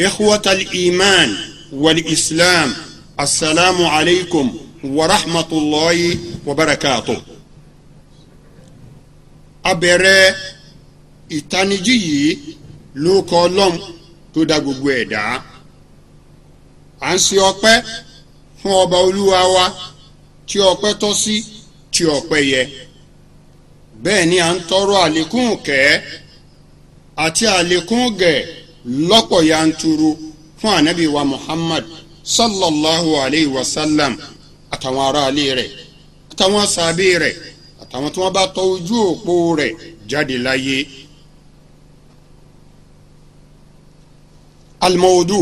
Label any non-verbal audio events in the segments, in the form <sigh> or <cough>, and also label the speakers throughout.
Speaker 1: إخوة الإيمان والإسلام السلام عليكم ورحمة الله وبركاته abẹ̀rẹ̀ ìtanijí yìí ló kọ ọlọ́m tó dá gbogbo ẹ̀dá à ń ṣe ọpẹ́ fún ọba olúwa wa tí ọpẹ́ tọ́ sí tí ọpẹ́ yẹ bẹ́ẹ̀ ni à ń tọrọ àlékún kẹ́ àti àlékún gẹ̀ẹ́ lọ́pọ̀ yanturu fún anabi wa muhammad sallallahu alayhi wa sallam àtàwọn aráalé rẹ̀ àtàwọn sàbí rẹ̀ àtàwọn tí wọ́n bá tọ ojú òpó rẹ̀ jáde láyé. almawdu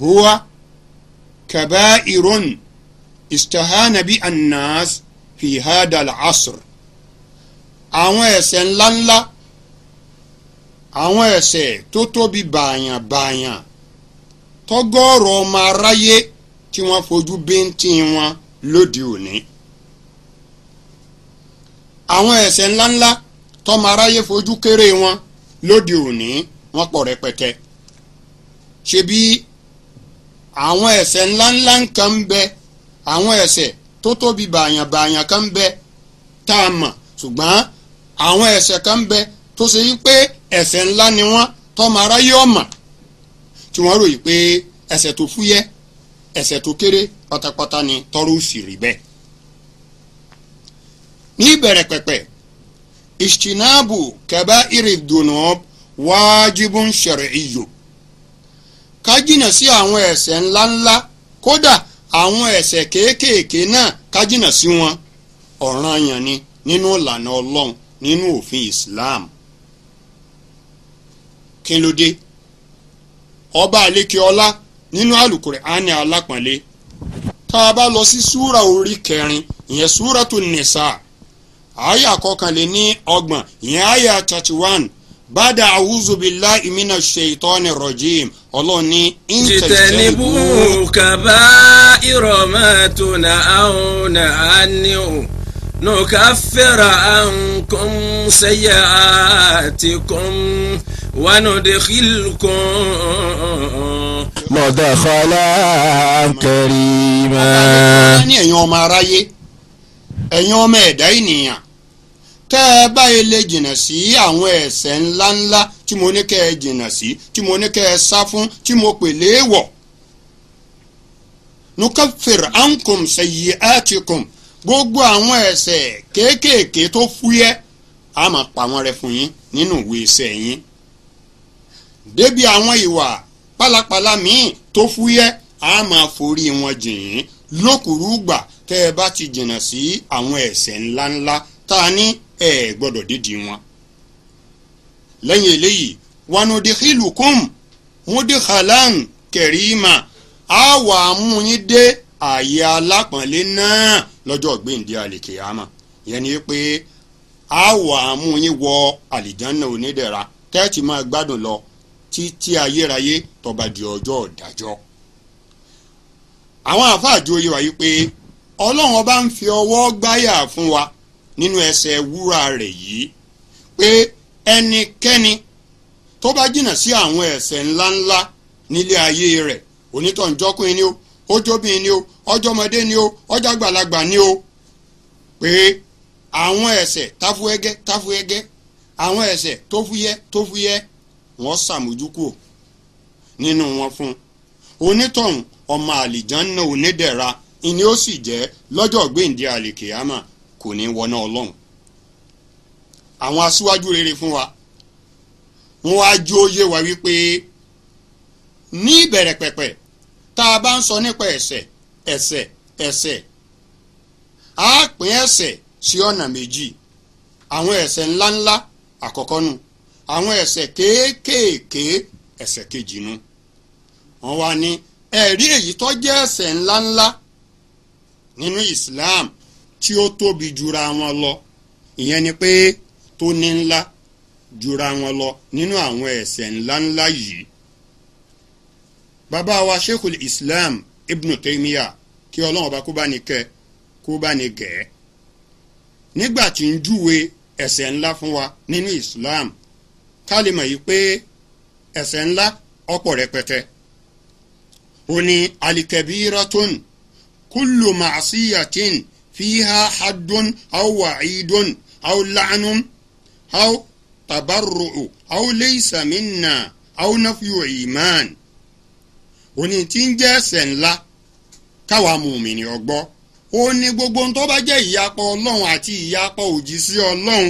Speaker 1: huwa kaba'irun istahana bi annas fi hada al àwọn ẹ̀ṣẹ̀ ńláńlá àwọn ẹ̀ṣẹ̀ tó tóbi bààyàn bààyàn tọ́gọ́rọ̀ ọmọ aráyé tí wọ́n fojú bíntín wọn lóde òní. àwọn ẹ̀ṣẹ̀ ńláńlá tọ́mọ aráyé fojú kéré wọn lóde òní wọ́n pọ̀ rẹpẹtẹ. ṣebí àwọn ẹ̀ṣẹ̀ ńláńlá kan ń bẹ àwọn ẹ̀ṣẹ̀ tó tóbi bààyàn bààyàn kan ń bẹ tá a mọ̀ ṣùgbọ́n àwọn ẹ̀ṣẹ̀ kan ń bẹ tó ṣe yí pé ese ńlá ni wọ́n tọ́mọ aráyé ọ̀mà tí wọ́n ròyìn pé ẹ̀ṣẹ̀ tó fúyẹ́ ẹ̀ṣẹ̀ tó kéré pátápátá ni tọ́rọ̀ òsì rí bẹ́ẹ̀. ní ìbẹ̀rẹ̀ pẹ̀pẹ̀ ìṣìnàbù kẹbà ìrìndùnú wájibun shar'iyyu ká jìnà sí àwọn ẹ̀ṣẹ̀ ńláńlá kódà àwọn ẹ̀ṣẹ̀ kéékèèké náà ká jìnà sí wọn ọ̀ranyàn ni nínú ìlànà ọlọ́run nínú òfin Islam kí ló dé ọba àlékè ọlá nínú àlùkùránì alápọ̀nlé tá a bá lọ sí súra orí kẹrin ìyẹn súra tó nìsa àyà kọkànléní ọgbọ̀n ìyẹn àyà thirty one bada awuzu imina sheitani
Speaker 2: rojim ọlọ́run ní. jìtẹ̀nibú kaba irọ́ máa tún náà àwọn نكفر عنكم سيئاتكم وندخلكم مدخلا كريما
Speaker 1: ní ẹ̀yin ọmọ aráyé ẹ̀yin ọmọ ẹ̀dá ènìyàn tẹ́ ẹ báyìí lè jìnnà sí àwọn ẹ̀ṣẹ̀ ńláńlá tí mo ní kẹ́ ẹ jìnnà sí tí mo ní kẹ́ ẹ sá fún tí mo pè léèwọ̀ nukafir ankum sayiatikum gbogbo àwọn ẹ̀ṣẹ̀ kéékèèké tó fúyẹ́ a máa pa wọ́n rẹ́ fún yín nínú ìwé iṣẹ́ yín débi àwọn ìwà pálapàla míì tó fúyẹ́ a máa forí wọn jìn yín lókùrúgbà tẹ́ ẹ bá ti jìnnà sí àwọn ẹ̀ṣẹ̀ ńláńlá tá a ní ẹ gbọ́dọ̀ dídì wọn. lẹ́yìn eléyìí wanudikhilukum mudikhalan kerima a wà á mú yín dé ààyè alápọ̀nlé náà lọ́jọ́ gbẹ̀ǹdé àlèkèyàmọ̀ yẹn ni pé a wà á mú yín wọ àlìjánná onídẹ̀ra tẹ́ẹ̀tì máa gbádùn lọ títí ayérayé tó bá di ọjọ́ ìdájọ́. àwọn àfáàjò oyè wáyé pé ọlọ́run ọba ń fi ọwọ́ gbáyà fún wa nínú ẹsẹ̀ wúrà rẹ̀ yìí pé ẹnikẹ́ni tó bá jìnnà sí àwọn ẹ̀ṣẹ̀ ńláńlá nílé ayé rẹ̀ onítọ̀njọ́kùnrin ni ó ojóbìnrin ni o ọmọdé ni o àgbàlagbà ni o pé àwọn ẹ̀ṣẹ̀ táfúẹ́gẹ́ táfúẹ́gẹ́ àwọn ẹ̀ṣẹ̀ tó fúyẹ́ tó fúyẹ́ wọ́n ṣàmójúkù nínú wọn fún onítọ̀hún ọmọ àlìjánná onídẹ̀ra ìní ó sì jẹ́ lọ́jọ́ gbèǹde àlìkèámà kò ní wọná ọlọ́run àwọn aṣíwájú rere fún wa wọ́n wá jó yé wa wípé ní ìbẹ̀rẹ̀ pẹ̀pẹ̀ ta a bá ń sọ nípa ese ese ẹ̀ṣẹ̀ a pín ẹ̀ṣẹ̀ sí ọ̀nà méjì àwọn ẹ̀ṣẹ̀ ńláńlá àkọ́kọ́ nu àwọn ese kéékèèké ẹ̀ṣẹ̀ kejì nu wọ́n wá ní ẹ̀rí èyí tó jẹ́ ẹ̀ṣẹ̀ ńláńlá nínú Islam tí ó tóbi jura wọn lọ ìyẹn ni pé tó ní ńlá jura wọn lọ nínú àwọn ese ńláńlá yìí bàbá wa sheikhul islam ibn taymiya kí ọlọ́run ọba kó bá ní kẹ́ kó bá ní gẹ̀ẹ́ nígbà tí ń júwe ẹ̀ṣẹ̀ ńlá fún wa nínú islam ká lè mọ̀ yìí pé ẹ̀ṣẹ̀ ńlá ọ̀pọ̀ rẹpẹtẹ ó ní alikabiratun kullu ma'asiyatin fiha haddun aw wa'idun aw la'nun aw tabarru'u aw laysa minna aw nafyu iman òní tí ń jẹ́ ẹ̀ṣẹ̀ ńlá káwa mùmìnì ọgbọ́ ó ní gbogbo ohun tó bá jẹ́ ìyapa ọlọ́run àti ìyapa òjíṣẹ́ ọlọ́run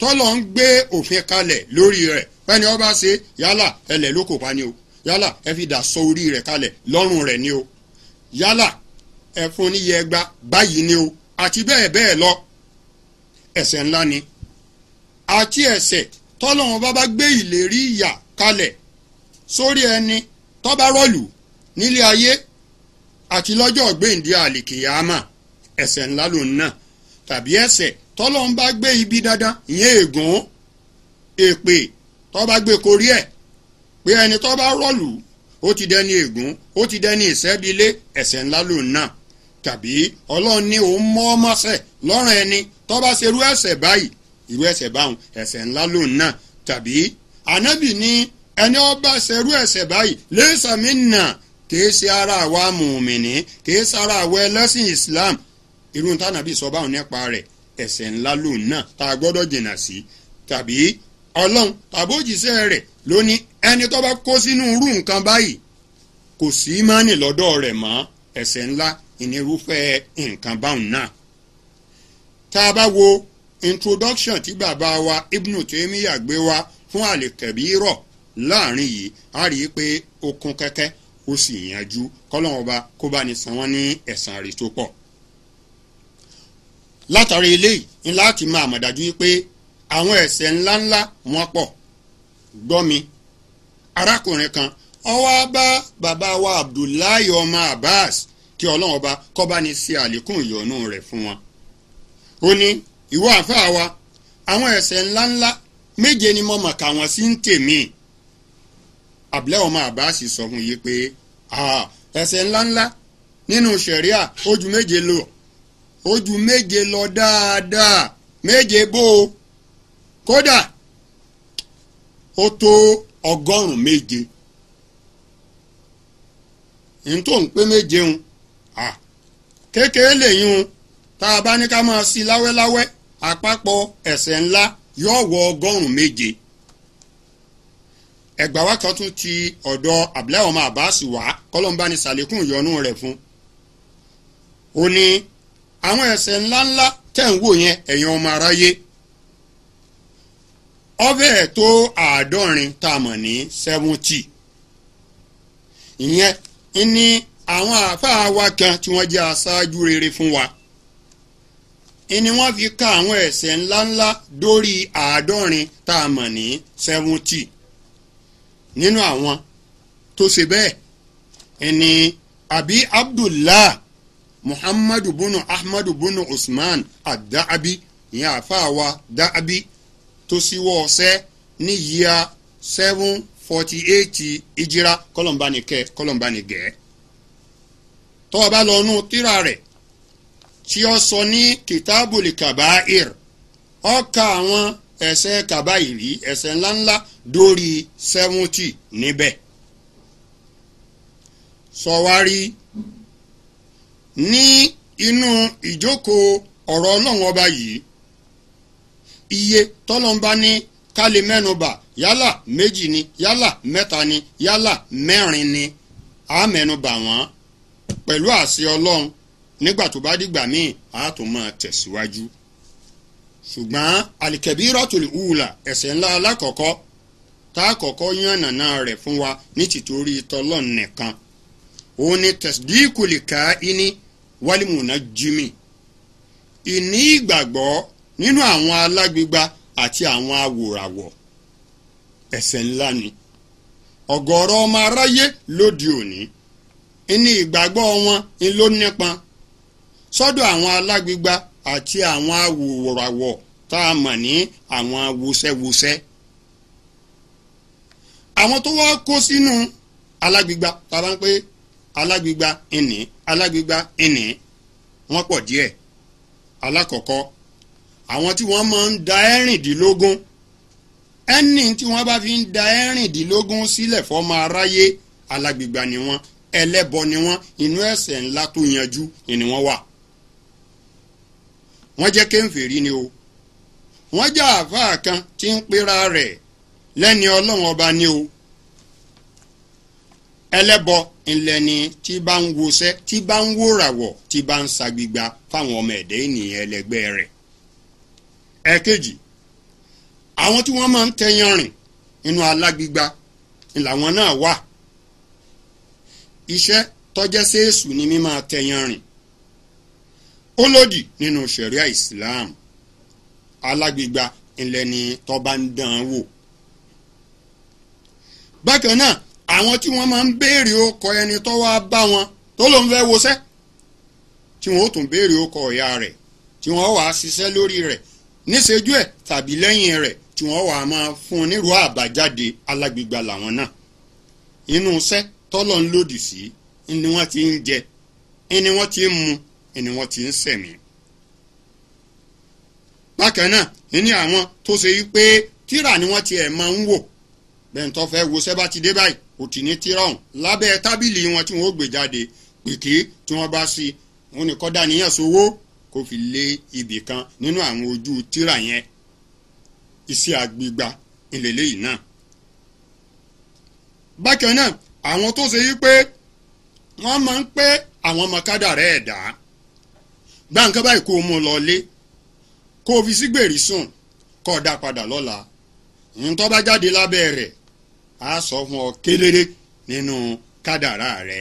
Speaker 1: tọ́lọ̀ ń gbé òfin kalẹ̀ lórí rẹ̀ pẹ́ni ọba ṣe yálà ẹlẹ̀ ló kò pa ni o yálà ẹ fi dà sọ orí rẹ̀ kalẹ̀ lọ́rùn rẹ̀ ni o yálà ẹ fún níyẹ ẹgbà báyìí ni o àti bẹ́ẹ̀ bẹ́ẹ̀ lọ ẹ̀ṣẹ̀ ńlá ni àti ẹ̀ṣẹ̀ tọ́lọ́run bá bá gbé ìlérí ìyà kalẹ̀ sórí ẹni tọba bá nílé ayé àti lọ́jọ́ gbèǹde àlìkìyàmà ẹ̀ṣẹ̀ ńlá lòun náà tàbí ẹ̀ṣẹ̀ tọ́lọ́n bá gbé ibi dandan ìyẹn ègún èpè gbé korí ẹ̀ pé ẹni tọba bá ó ti dẹni ègún ó ti dẹni ìṣẹ́bilé ńlá lòun náà tàbí ọlọ́run ní òun mọ́ ọmọṣẹ́ lọ́rùn ẹni tó ṣerú ẹ̀ṣẹ̀ báyìí ńlá lòun náà tàbí ní ẹni ọba ṣerú ẹ̀ṣẹ̀ báyìí laysa minna kìí ṣe ara àwa mùmìnì kìí ṣe ara àwa ẹlẹ́sìn Islam irú tànàbí sọ báwọn nípa rẹ̀ ẹ̀ṣẹ̀ ńlá lòun náà tá a gbọ́dọ̀ jìnnà sí tàbí ọlọ́run tàbí òjíṣẹ́ rẹ̀ ló ní ẹni tó bá kó sínú irú nǹkan báyìí kò sí mánì lọ́dọ̀ rẹ̀ mọ́ ẹ̀ṣẹ̀ ńlá ìnirúfẹ́ nǹkan báwọn náà tá a bá wo introduction tí bàbá wa Ibn Taymiyyah gbé wa fún àlèkẹ̀bí rọ̀ láàrin yìí a rí i pé ó kún kẹ́kẹ́ ó sì yanjú kọ́lọ́wọ́n ọba kó bá ní san wọ́n ní ẹ̀san rí tó pọ̀. látàrí eléyìí ni láti máa mọ̀ dájú pé àwọn ẹ̀ṣẹ̀ ńláńlá wọn pọ̀ gbọ́ mi arákùnrin kan ó bá bàbá wa Abdullahi ọmọ Abbas kí ọlọ́run ọba kó bá ní ṣe àlékún ìyọ́nú rẹ̀ fún wọn. ó ní ìwọ àfáà wa àwọn ẹ̀ṣẹ̀ ńláńlá méje ni mo mọ̀ọ́kà wọn sí ń tèmí abdullahi ọmọ abbas sọ fún yìí pé ẹ̀ṣẹ̀ ńláńlá nínú ṣẹ̀ríà ojú méje lọ ojú méje lọ dáadáa méje bó o kódà ó tó ọgọ́rùn-ún méje n tó ń pé méje ń kékeré lèyìn un tá a bá ní ká máa sí láwẹ́láwẹ́ àpapọ̀ ẹ̀ṣẹ̀ ńlá yóò wọ ọgọ́rùn-ún méje ẹgbà wa kan tún ti ọ̀dọ̀ abdullahi ọmọ abbas wá kọ́lọ́mbà ní sàlékún ìyọnú rẹ̀ fún ó ní àwọn ẹ̀ṣẹ̀ ńláńlá tẹ̀ ń wò yẹn ẹ̀yin ọmọ aráyé ọbẹ̀ tó àádọ́rin tá a mọ̀ ní seventy ìyẹn ní àwọn àáfàá wa kan tí wọ́n jẹ́ aṣáájú rere fún wa ìní wọ́n fi ka àwọn ẹ̀ṣẹ̀ ńláńlá dórí àádọ́rin tá a mọ̀ ní seventy nínú àwọn tó ṣe bẹ́ẹ̀ ẹni àbí abdullah muhammadu bunu ahmadu bunu usman adahabi ìyẹn àáfàá wa dahabi tó ṣíwọ́ ọ̀sẹ́ ní yíya seven forty eight ìjìrá kọlọ̀ǹbanìkẹ́ kọlọ̀ǹbanìgẹ́ tó o bá lọ nú tírà rẹ̀ tí ó sọ ní kìtàbùlì kàbáìr ó àwọn ẹ̀ṣẹ̀ kàbáìrì ẹ̀ṣẹ̀ ńláńlá dórí sẹ́wọ́ntì níbẹ̀ sọ̀wárí ní inú ìjókòó ọ̀rọ̀ ọlọ́run ọba yìí iye tọ́lọ́mbá ní ká lè mẹ́nubà yálà méjì ni yálà mẹ́ta ni yálà mẹ́rin ni a mẹ́nubà wọ́n pẹ̀lú àṣẹ ọlọ́run nígbà tó bá dìgbà míì a tún máa tẹ̀síwájú ṣùgbọ́n alikẹ́bí rọ́tòlì hùwùlà ẹ̀ṣẹ̀ ńlá alákọ̀ọ́kọ́ tá a kọ́kọ́ yànnàná rẹ̀ fún wa ní tìtorí tọlọ́n nìkan òun ni tẹ̀sídìkùlì ká iní wálìmùnà jimi ìní ìgbàgbọ́ nínú àwọn alágbègbà àti àwọn awòràwọ̀ ẹ̀ṣẹ̀ ńlá ni ọ̀gọ̀ọ̀rọ̀ ọmọ aráyé lóde òní ìní ìgbàgbọ́ wọn ni ló nípọn sọ́dọ̀ àwọn alágbègbà àti àwọn awòràwọ̀ tá a mọ̀ ní àwọn wusẹ́wusẹ́ àwọn tó wá kó sínú alágbègbà tàbá ń pé alágbègbà ìní alágbègbà ìní wọ́n pọ̀ díẹ̀ alákọ̀ọ́kọ́ àwọn tí wọ́n máa ń da ẹ̀rìndínlógún ẹni tí wọ́n bá fi ń da ẹ̀rìndínlógún sílẹ̀ fọ́mọ aráyé alágbègbà ni wọ́n ẹlẹ́bọ ni wọ́n inú ẹ̀ṣẹ̀ ńlá tó yanjú ni wọ́n wà wọ́n jẹ́ kéńfèrí ni o wọ́n jẹ́ àáfàá kan tí ń pera rẹ̀ lẹ́ni ọlọ́run ọba ni o ẹlẹ́bọ ńlẹ́ni tí bá ń wọṣẹ́ tí bá ń wòràwọ̀ tí bá ń sagbigba fáwọn ọmọ ẹ̀dẹ́ ènìyàn ẹlẹgbẹ́ rẹ̀ ẹ̀kejì àwọn tí wọ́n máa ń tẹyan rìn nínú alágbígba ni làwọn náà wà iṣẹ́ tọ́jẹ́ séèsù ni mímọ́ tẹyan rìn ó lòdì nínú ṣẹ̀ríà ìsìláàmù alágbígba ńlẹ́ni tó bá ń dán an wò bákan náà àwọn tí wọ́n máa ń béèrè ọkọ ẹni tó wá bá wọn tó ló ń fẹ́ wọṣẹ́ tí wọ́n ó tún béèrè ọkọ ìyá rẹ̀ tí wọ́n wàá ṣiṣẹ́ lórí rẹ̀ níṣẹ́jú ẹ̀ tàbí lẹ́yìn rẹ̀ tí wọ́n wàá máa fún nírú àbájáde alágbègbà làwọn náà inú iṣẹ́ tọ́lọ̀ ń lòdì sí ni wọ́n ti ń jẹ ni wọ́n ti ń mu ni wọ́n ti ń sẹ̀mí. bákan náà ní àwọn tó ṣe wípé tírà ni wọ́n tiẹ̀ máa ń wò bẹ́ẹ̀ tó fẹ́ wo sẹ́bà ti dé báyìí kò tì ní tírọ̀hún lábẹ́ tábìlì wọn tí wọ́n ó gbé jáde pèké tí wọ́n bá sí wọn ni kọ́dà níyàn sówó kó fi lé ibì kan nínú àwọn ojú tírà yẹn iṣẹ́ àgbègbà ìlélẹ́yìí náà. bákan náà àwọn tó ṣe yí pé wọ́n máa ń pẹ́ àwọn ọmọ kádàrá ẹ̀dá gbá nǹkan báyìí kó mú un lọlé kó o fi sígbèrè sùn kó o dá padà lọ́la ìyẹn tó bá jáde lábẹ́ rẹ̀ a sọ fún ọ kéléré nínú kádàrá rẹ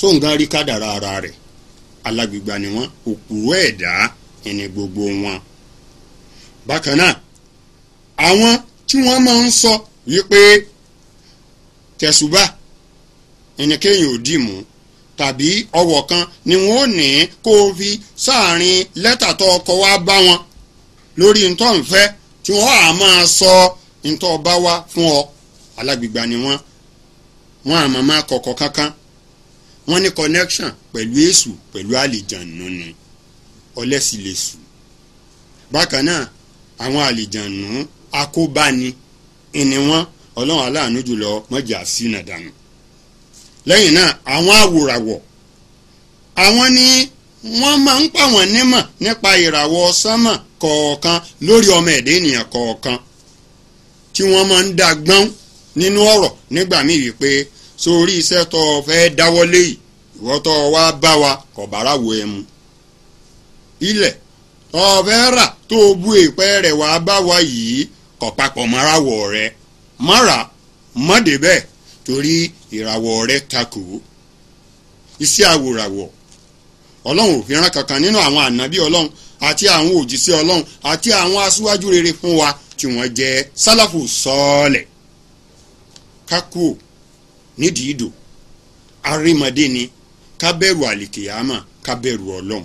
Speaker 1: sóun rí kádàrá ara rẹ alágbègbà ni wọn òkúrò ẹ̀dá ẹni gbogbo wọn. bákan náà àwọn tí wọn máa ń sọ wípé tẹ̀sùbà ẹni ò dì mú tàbí ọwọ́ kan ni wọ́n ò ní kó o fi sáàrin lẹ́tà tó ọkọ̀ wá bá wọn lórí ntọ́nfẹ́ tí wọ́n á máa sọ ntọ́ bá wá fún ọ alágbègbà ni wọn wọn a máa kọ̀kọ̀ kankan wọn ní connection pẹ̀lú èṣù pẹ̀lú àlìjànù ni ọlẹ́sì lè sù bákan náà àwọn àlìjànù akóbáni ìní wọn ọlọ́run aláàánú jùlọ mọ̀jà sínà dànù lẹ́yìn náà àwọn àwòràwọ̀ àwọn ni wọn máa ń pa wọ́n nímọ̀ nípa ìràwọ̀ sánmà kọ̀ọ̀kan lórí ọmọ ẹ̀dá ènìyàn kọọkan tí wọn máa ń dá gbọ́n nínú ọ̀rọ̀ nígbà míì wípé sórí iṣẹ́ tó o fẹ́ dáwọ́lé yìí ìwọ tó o wá bá wa kò bára wo ẹ mu. ilẹ̀ tó o fẹ́ rà tó o bú èèpẹ̀ rẹ̀ wá bá wa yìí kò papọ̀ mọ́ra wọ̀ rẹ mọ́ra mọ́dé bẹ́ẹ̀ torí ìràwọ̀ rẹ takò iṣẹ́ àwòràwọ̀ ọlọ́run ò fi rán kankan nínú àwọn ànábì ọlọ́run àti àwọn òjíṣẹ́ ọlọ́run àti àwọn aṣíwájú rere fún wa tí wọ́n jẹ́ sálàfù sọ́ọ̀lẹ̀ kákúò nídìí ìdò arímọdé ni kábẹ̀rù àlìkìyàmà kábẹ̀rù ọlọ́run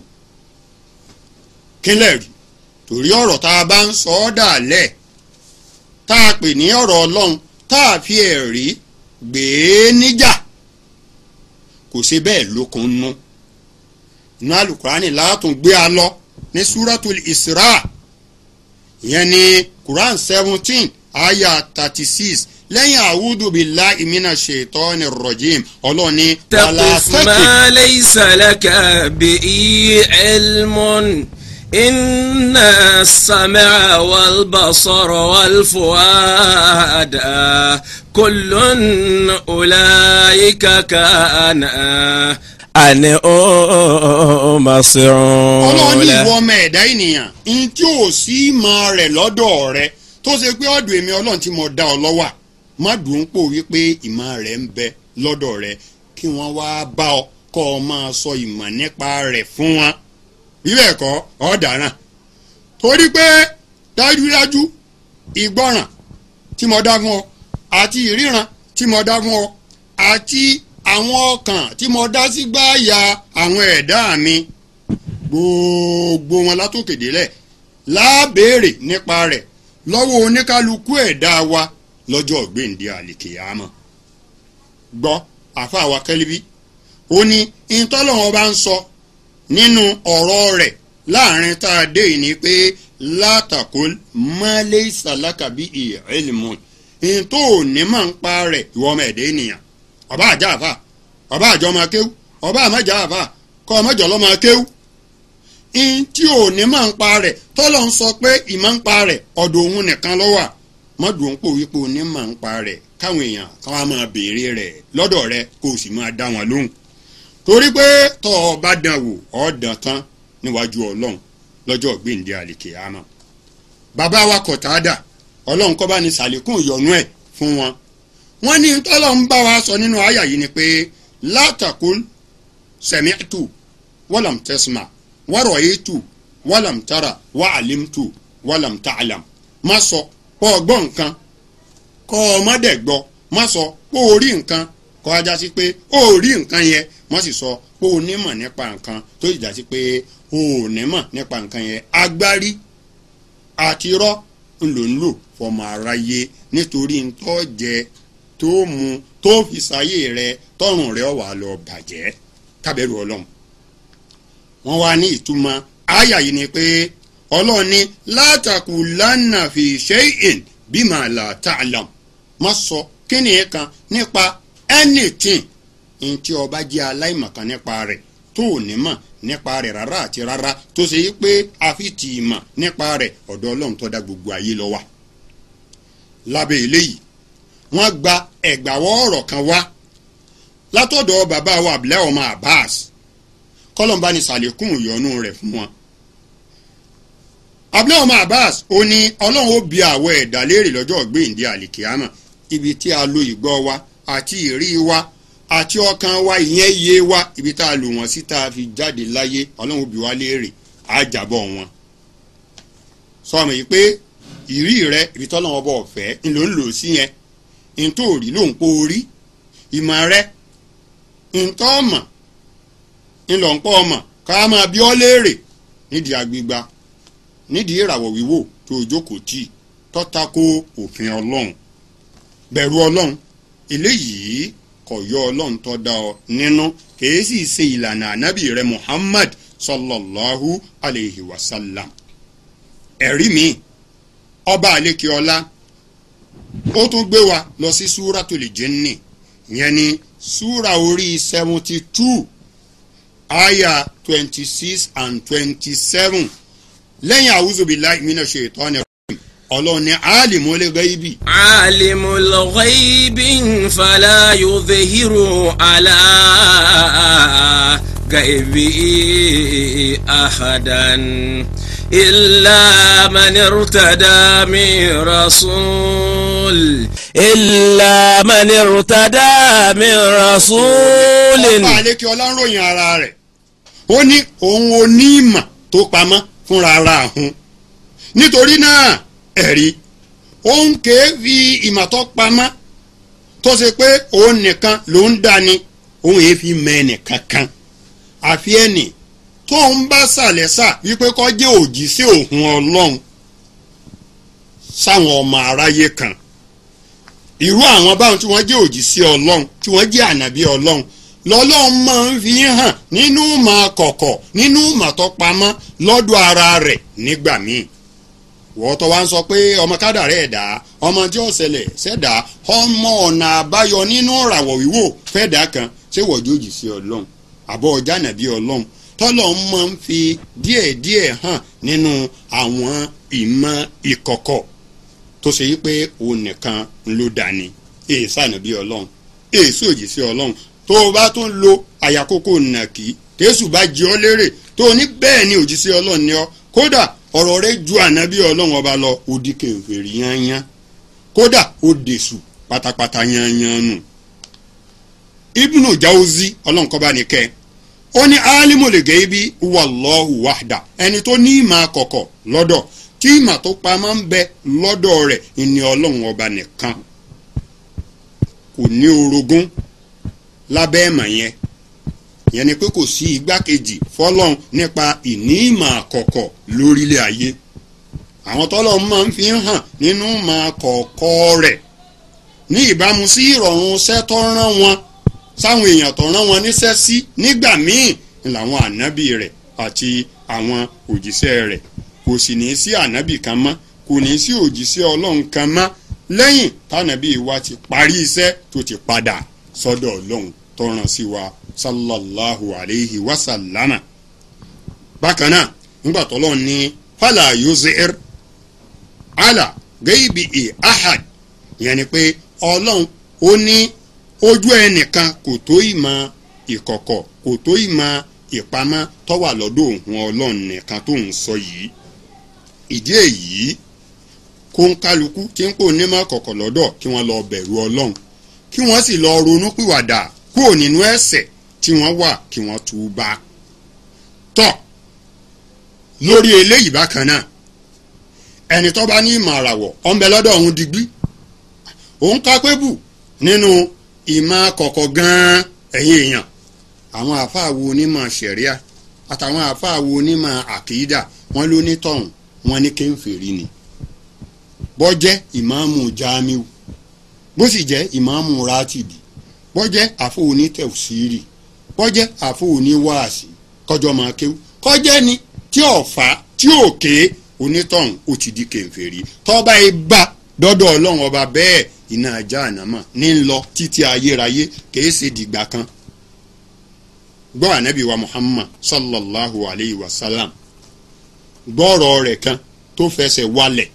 Speaker 1: kílẹ̀ rí torí ọ̀rọ̀ tá a bá ń sọ ọ́ dà lẹ̀ tá a pè ní ọ̀rọ̀ ọlọ́run tá a fi ẹ̀rí gbèé e níjà kò ṣe bẹ́ẹ̀ lókun nú inú alukurani látún gbé a lọ ní suratul isra ìyẹn ní quran seventeen aya thirty six lẹ́yìn àwùdù billahi minash shaitani rrajim ọlọ́ọ̀ni. taqfu ma
Speaker 2: laysa laka bihi ilmun inna as-sam'a wal basara wal fu'ada kullun ulaika kana àní ó máa ṣe rún. ọlọ́ọ̀ni ìwọ
Speaker 1: ọmọ ẹ̀dá ènìyàn ní tí ò sí ìmọ̀ rẹ̀ lọ́dọ̀ rẹ̀ tó ṣe pé ọ̀dọ̀ èmi ọlọ́run tí mo dá ọ lọ́wọ́ má dùn ún pò wípé ìmọ̀ rẹ̀ ń bẹ lọ́dọ̀ rẹ̀ kí wọ́n wá bá ọ kọ́ ọ máa sọ ìmọ̀ nípa rẹ̀ fún wọn bíbẹ̀ kọ́ ọ̀daràn torí pé dájúdájú ìgbọràn tí mo dá fún ọ àti ìríran tí mo dá fún ọ àti àwọn ọkàn tí mo dá sí gbáàyà àwọn ẹ̀dá mi gbogbo wọn látòkèdélẹ̀ láàbéèrè nípa rẹ̀ lọ́wọ́ oníkálukú ẹ̀dá wa lọ́jọ́ ọ̀gbẹ́ǹde àlìkèyàmọ̀ gbọ́ àfa wa kẹ́líbí ó ní ìtọ́lọ́wọ́n bá ń sọ nínú ọ̀rọ̀ rẹ̀ láàrin tá a dé ní pé látàkùn mọ́lẹ́ ìsàlákàbí ìrẹ́lìmọ̀ ìtò òní máa ń pa rẹ̀ ìwọ ọmọ ẹ̀dẹ́ ènìyàn ọba àjà àfà ọba àjọ máa kéwú ọba àmọ́jà àfà kọ́ ọmọjọ́ lọ́ máa kéwú ìtì òní máa ń pa rẹ̀ tọ́lọ́ ń sọ pé ìmọ̀ ń pa rẹ̀ ọ̀dọ̀ òun nìkan ló wà mọ́dùn ún pò wípé o ní mà ń pa rẹ̀ káwọn èèyàn kan wá máa béèrè rẹ̀ lọ́dọ̀ rẹ̀ kó o sì máa dá wọn lóhùn torí pé tọ́ ọ bá dán wò ọ́ dán tán níwájú ọlọ́run lọ́jọ́ gbèǹde àlèkè àmọ́ bàbá wa kọ̀tàdà ọlọ́run kọ́ bá ní sàlékún ìyọ̀nú ẹ̀ fún wọn wọ́n ní tọ́lọ̀ ń bá wa sọ nínú àyà yìí ni pé látàkùn sẹ̀mẹ́tù wọ́làm tẹ́símà wọ́rọ̀ kọ ọ gbọ́ nǹkan kọ́ ọ má dẹ̀ gbọ́ má sọ kó o rí nǹkan kọ ajá sí pé o rí nǹkan yẹn má sì sọ kó o nímọ̀ nípa nǹkan tó sì já sí pé o ò nímọ̀ nípa nǹkan yẹn agbárí àti irọ́ ńlò ńlò fọmọ aráyé nítorí ntọ́ jẹ tó mu tó fi sáyé rẹ tọrùn rẹ wà lọ bàjẹ́ kábẹ́rù ọlọ́run wọ́n wá ní ìtumọ̀ àyà yìí ni pé ọlọ́run látàkù fi in bímọ àlàtà má sọ kíni kan nípa anything ọba jẹ́ aláìmọ̀kan nípa rẹ̀ tó ò ní mọ̀ nípa rẹ̀ rárá àti rárá tó ṣe yí pé àfi tì nípa rẹ̀ ọ̀dọ̀ ọlọ́run tó gbogbo ayé lọ lábẹ́ eléyìí gba ẹ̀gbàwọ́ ọ̀rọ̀ kan wá látọ̀dọ̀ bàbá wa Abdullahi ọmọ Abbas kọ́lọ́mbánisàlẹ̀kùn ìyọnu rẹ̀ fún wọn abdullahi omar abbas ó ní ọlọ́run ó bi àwọ̀ ẹ̀dá léèrè lọ́jọ́ ọ̀gbìndé àlìkíámà ibi tí a lo ìgbọ́ wa àti ìrí wa àti ọkàn wa ìyẹn iye wa ibi tá a lò wọ́n sí tá a fi jáde láyé ọlọ́run ó bi wá léèrè àjàbọ̀ wọn. sọmọ yìí pé ìrí rẹ ibi tọ́lọ́run ọba ọ̀fẹ́ ńlò ń lò sí yẹn ntòrí ló ń po orí ìmọ̀ rẹ ntọ́ ọmọ ńlọ ń pọ̀ ọmọ ká máa bi ọ́ léèrè nídìí agbègbà nídìí ìràwọ̀ wíwò tó jókòó tì tó tako òfin ọlọ́run bẹ̀rù ọlọ́run eléyìí kò yọ ọlọ́run tó dá ọ nínú kèésì sì ṣe ìlànà ànábì rẹ Muhammad sallallahu alayhi wa sallam ẹ̀rí mi ọba àlekè ọlá ó tún gbé wa lọ sí súratul jinni yẹn ni súra orí seventy two aya twenty six and twenty seven. lẹ́yìn a'udhu billahi minash shaitani rajim ọlọ́run ni alimul ghaibi.
Speaker 2: alimul ghaibi fala yudhiru ala ghaibi ahadan إلا من ارتدى من رسول إلا من ارتدى من رسول. ọba
Speaker 1: àlekí ọlá ń ròyìn ara rẹ̀ ó ní òun onímọ̀ tó pamọ́ fúnra ara àhún nítorí náà ẹ̀rí òun kèé fi ìmọ̀tọ́ pamọ́ tó ṣe pé òun nìkan ló ń dání òun èé fi mọ ẹnìkan kan àfi ẹnì tóun bá ṣàlẹ́sà wípé kọ́ jẹ́ òjì sí òun ọlọ́run sáwọn ọmọ aráyé kan irú àwọn báwọn tí wọ́n jẹ́ òjì sí ọlọ́run tí wọ́n jẹ́ ànàbí ọlọ́run lọ́lọ́run máa ń fi hàn nínú ìmọ̀ àkọ́kọ́ nínú ìmọ̀ tó pamọ́ lọ́dọ̀ ara rẹ̀ nígbà míì wọ́n tó wá ń sọ pé ọmọ kádàrá ẹ̀dá ọmọ tí ó ṣẹlẹ̀ ṣẹ̀dá ọmọ ọ̀nà àbáyọ nínú ìràwọ̀ wíwò fẹ́ẹ̀dá kan ṣé wọ́jọ́jì sí ọlọ́run àbọ̀ ọjà nàbí ọlọ́run tọ́lọ̀ máa ń fi díẹ̀díẹ̀ hàn nínú àwọn ìmọ̀ ìkọ̀kọ̀ tó ṣe yí pé òun nìkan ló dání èèṣà nàbí ọlọ́run èèṣà òjì sí ọlọ́run tó o bá tún lo àyàkókò nàkì tẹ́sù bá jẹ ọ lérè tó o ní bẹ́ẹ̀ ni ọlọ́run ni ọ kódà ọ̀rọ̀ rẹ ju ànábì ọlọ́run ọba lọ òdì kèfèrí yányán kódà ó dèṣù pátápátá yányán nù. ibnu jawzi ọlọ́run kọ́ bá ní kẹ́ ó ní ibi gaibi ẹni tó ní ìmọ̀ àkọ́kọ́ lọ́dọ̀ tí ìmọ̀ tó ń bẹ lọ́dọ̀ rẹ̀ ìní ọlọ́run kò ní orogún lábẹ́ ìmọ̀ yẹn yẹn ni pé kò sí igbákejì fọlọ́run nípa ìní ìmọ̀ àkọ́kọ́ lórílẹ̀ ayé àwọn tọ́lọ̀ máa ń fi hàn nínú ìmọ̀ àkọ́kọ́ rẹ̀ ní ìbámu sí ìrọ̀rùn iṣẹ́ tó rán wọn sáwọn èèyàn tó rán wọn níṣẹ́ sí nígbà míì làwọn ànábì rẹ̀ àti àwọn òjíṣẹ́ rẹ̀ kò sì ní sí ànábì kan mọ́ kò ní sí òjíṣẹ́ ọlọ́run kan mọ́ lẹ́yìn tànábì wa ti parí iṣẹ́ tó ti padà. sọ́dọ̀ ọlọ́run tó rán sí wa sallallahu alayhi wa sallama. bákan náà nígbà tọ́lọ́run ní fàlà yuzir ala gẹ́ibì e ahad yẹn ni pé ọlọ́run ó ní ojú ẹnìkan kò tó ìmọ̀ ìkọ̀kọ̀ kò tó ìmọ̀ ìpamọ́ tó wà lọ́dọ̀ òun ọlọ́run nìkan tó ń sọ yìí ìdí èyí kó ń kálukú tí ń pò nímọ̀ kọ̀kọ̀ lọ́dọ̀ kí wọ́n lọ bẹ̀rù ọlọ́run kí wọ́n sì lọ ronú pìwàdà kúrò nínú ẹ̀ṣẹ̀ tí wọ́n wà kí wọ́n túbà. tọ́ lórí eléyìí bákan náà ẹni tó bá ní ìmọ̀ àràwọ̀ ọ̀nbẹ lọ́dọ̀ òun digbí òun kápẹ́bù nínú ìmọ̀ kọ̀kọ̀ gan-an ẹ̀yìn èèyàn àwọn àáfàá wo onímọ̀ ṣẹ̀ríà àtàwọn àáfàá onímọ̀ àkìídà wọn ló ní tọ̀hún wọn ní kéńfèrí ni bọ́jẹ́ ìmáàmù jámíù bó sì jẹ́ ìmáàmù rátìbì bó jẹ́ àfọwọ́ni tẹ̀síìrì bó jẹ́ àfọwọ́ni wáàsì kọjọ́ máa kéwù kọjẹ́ ni tí ọ̀fà tí òkè onítọ̀hún ó ti di kèfèrí tọ́ba ibà dọ́dọ̀ ọlọ́run ọba bẹ́ẹ̀ iná ajá ànámọ̀ ní ń lọ títí ayérayé kìí ṣe dìgbà kan gbọ́ ànábì wa muhammad sallallahu alayhi wa sallam gbọ́ọ̀rọ̀ rẹ̀ kan tó fẹsẹ̀ wálẹ̀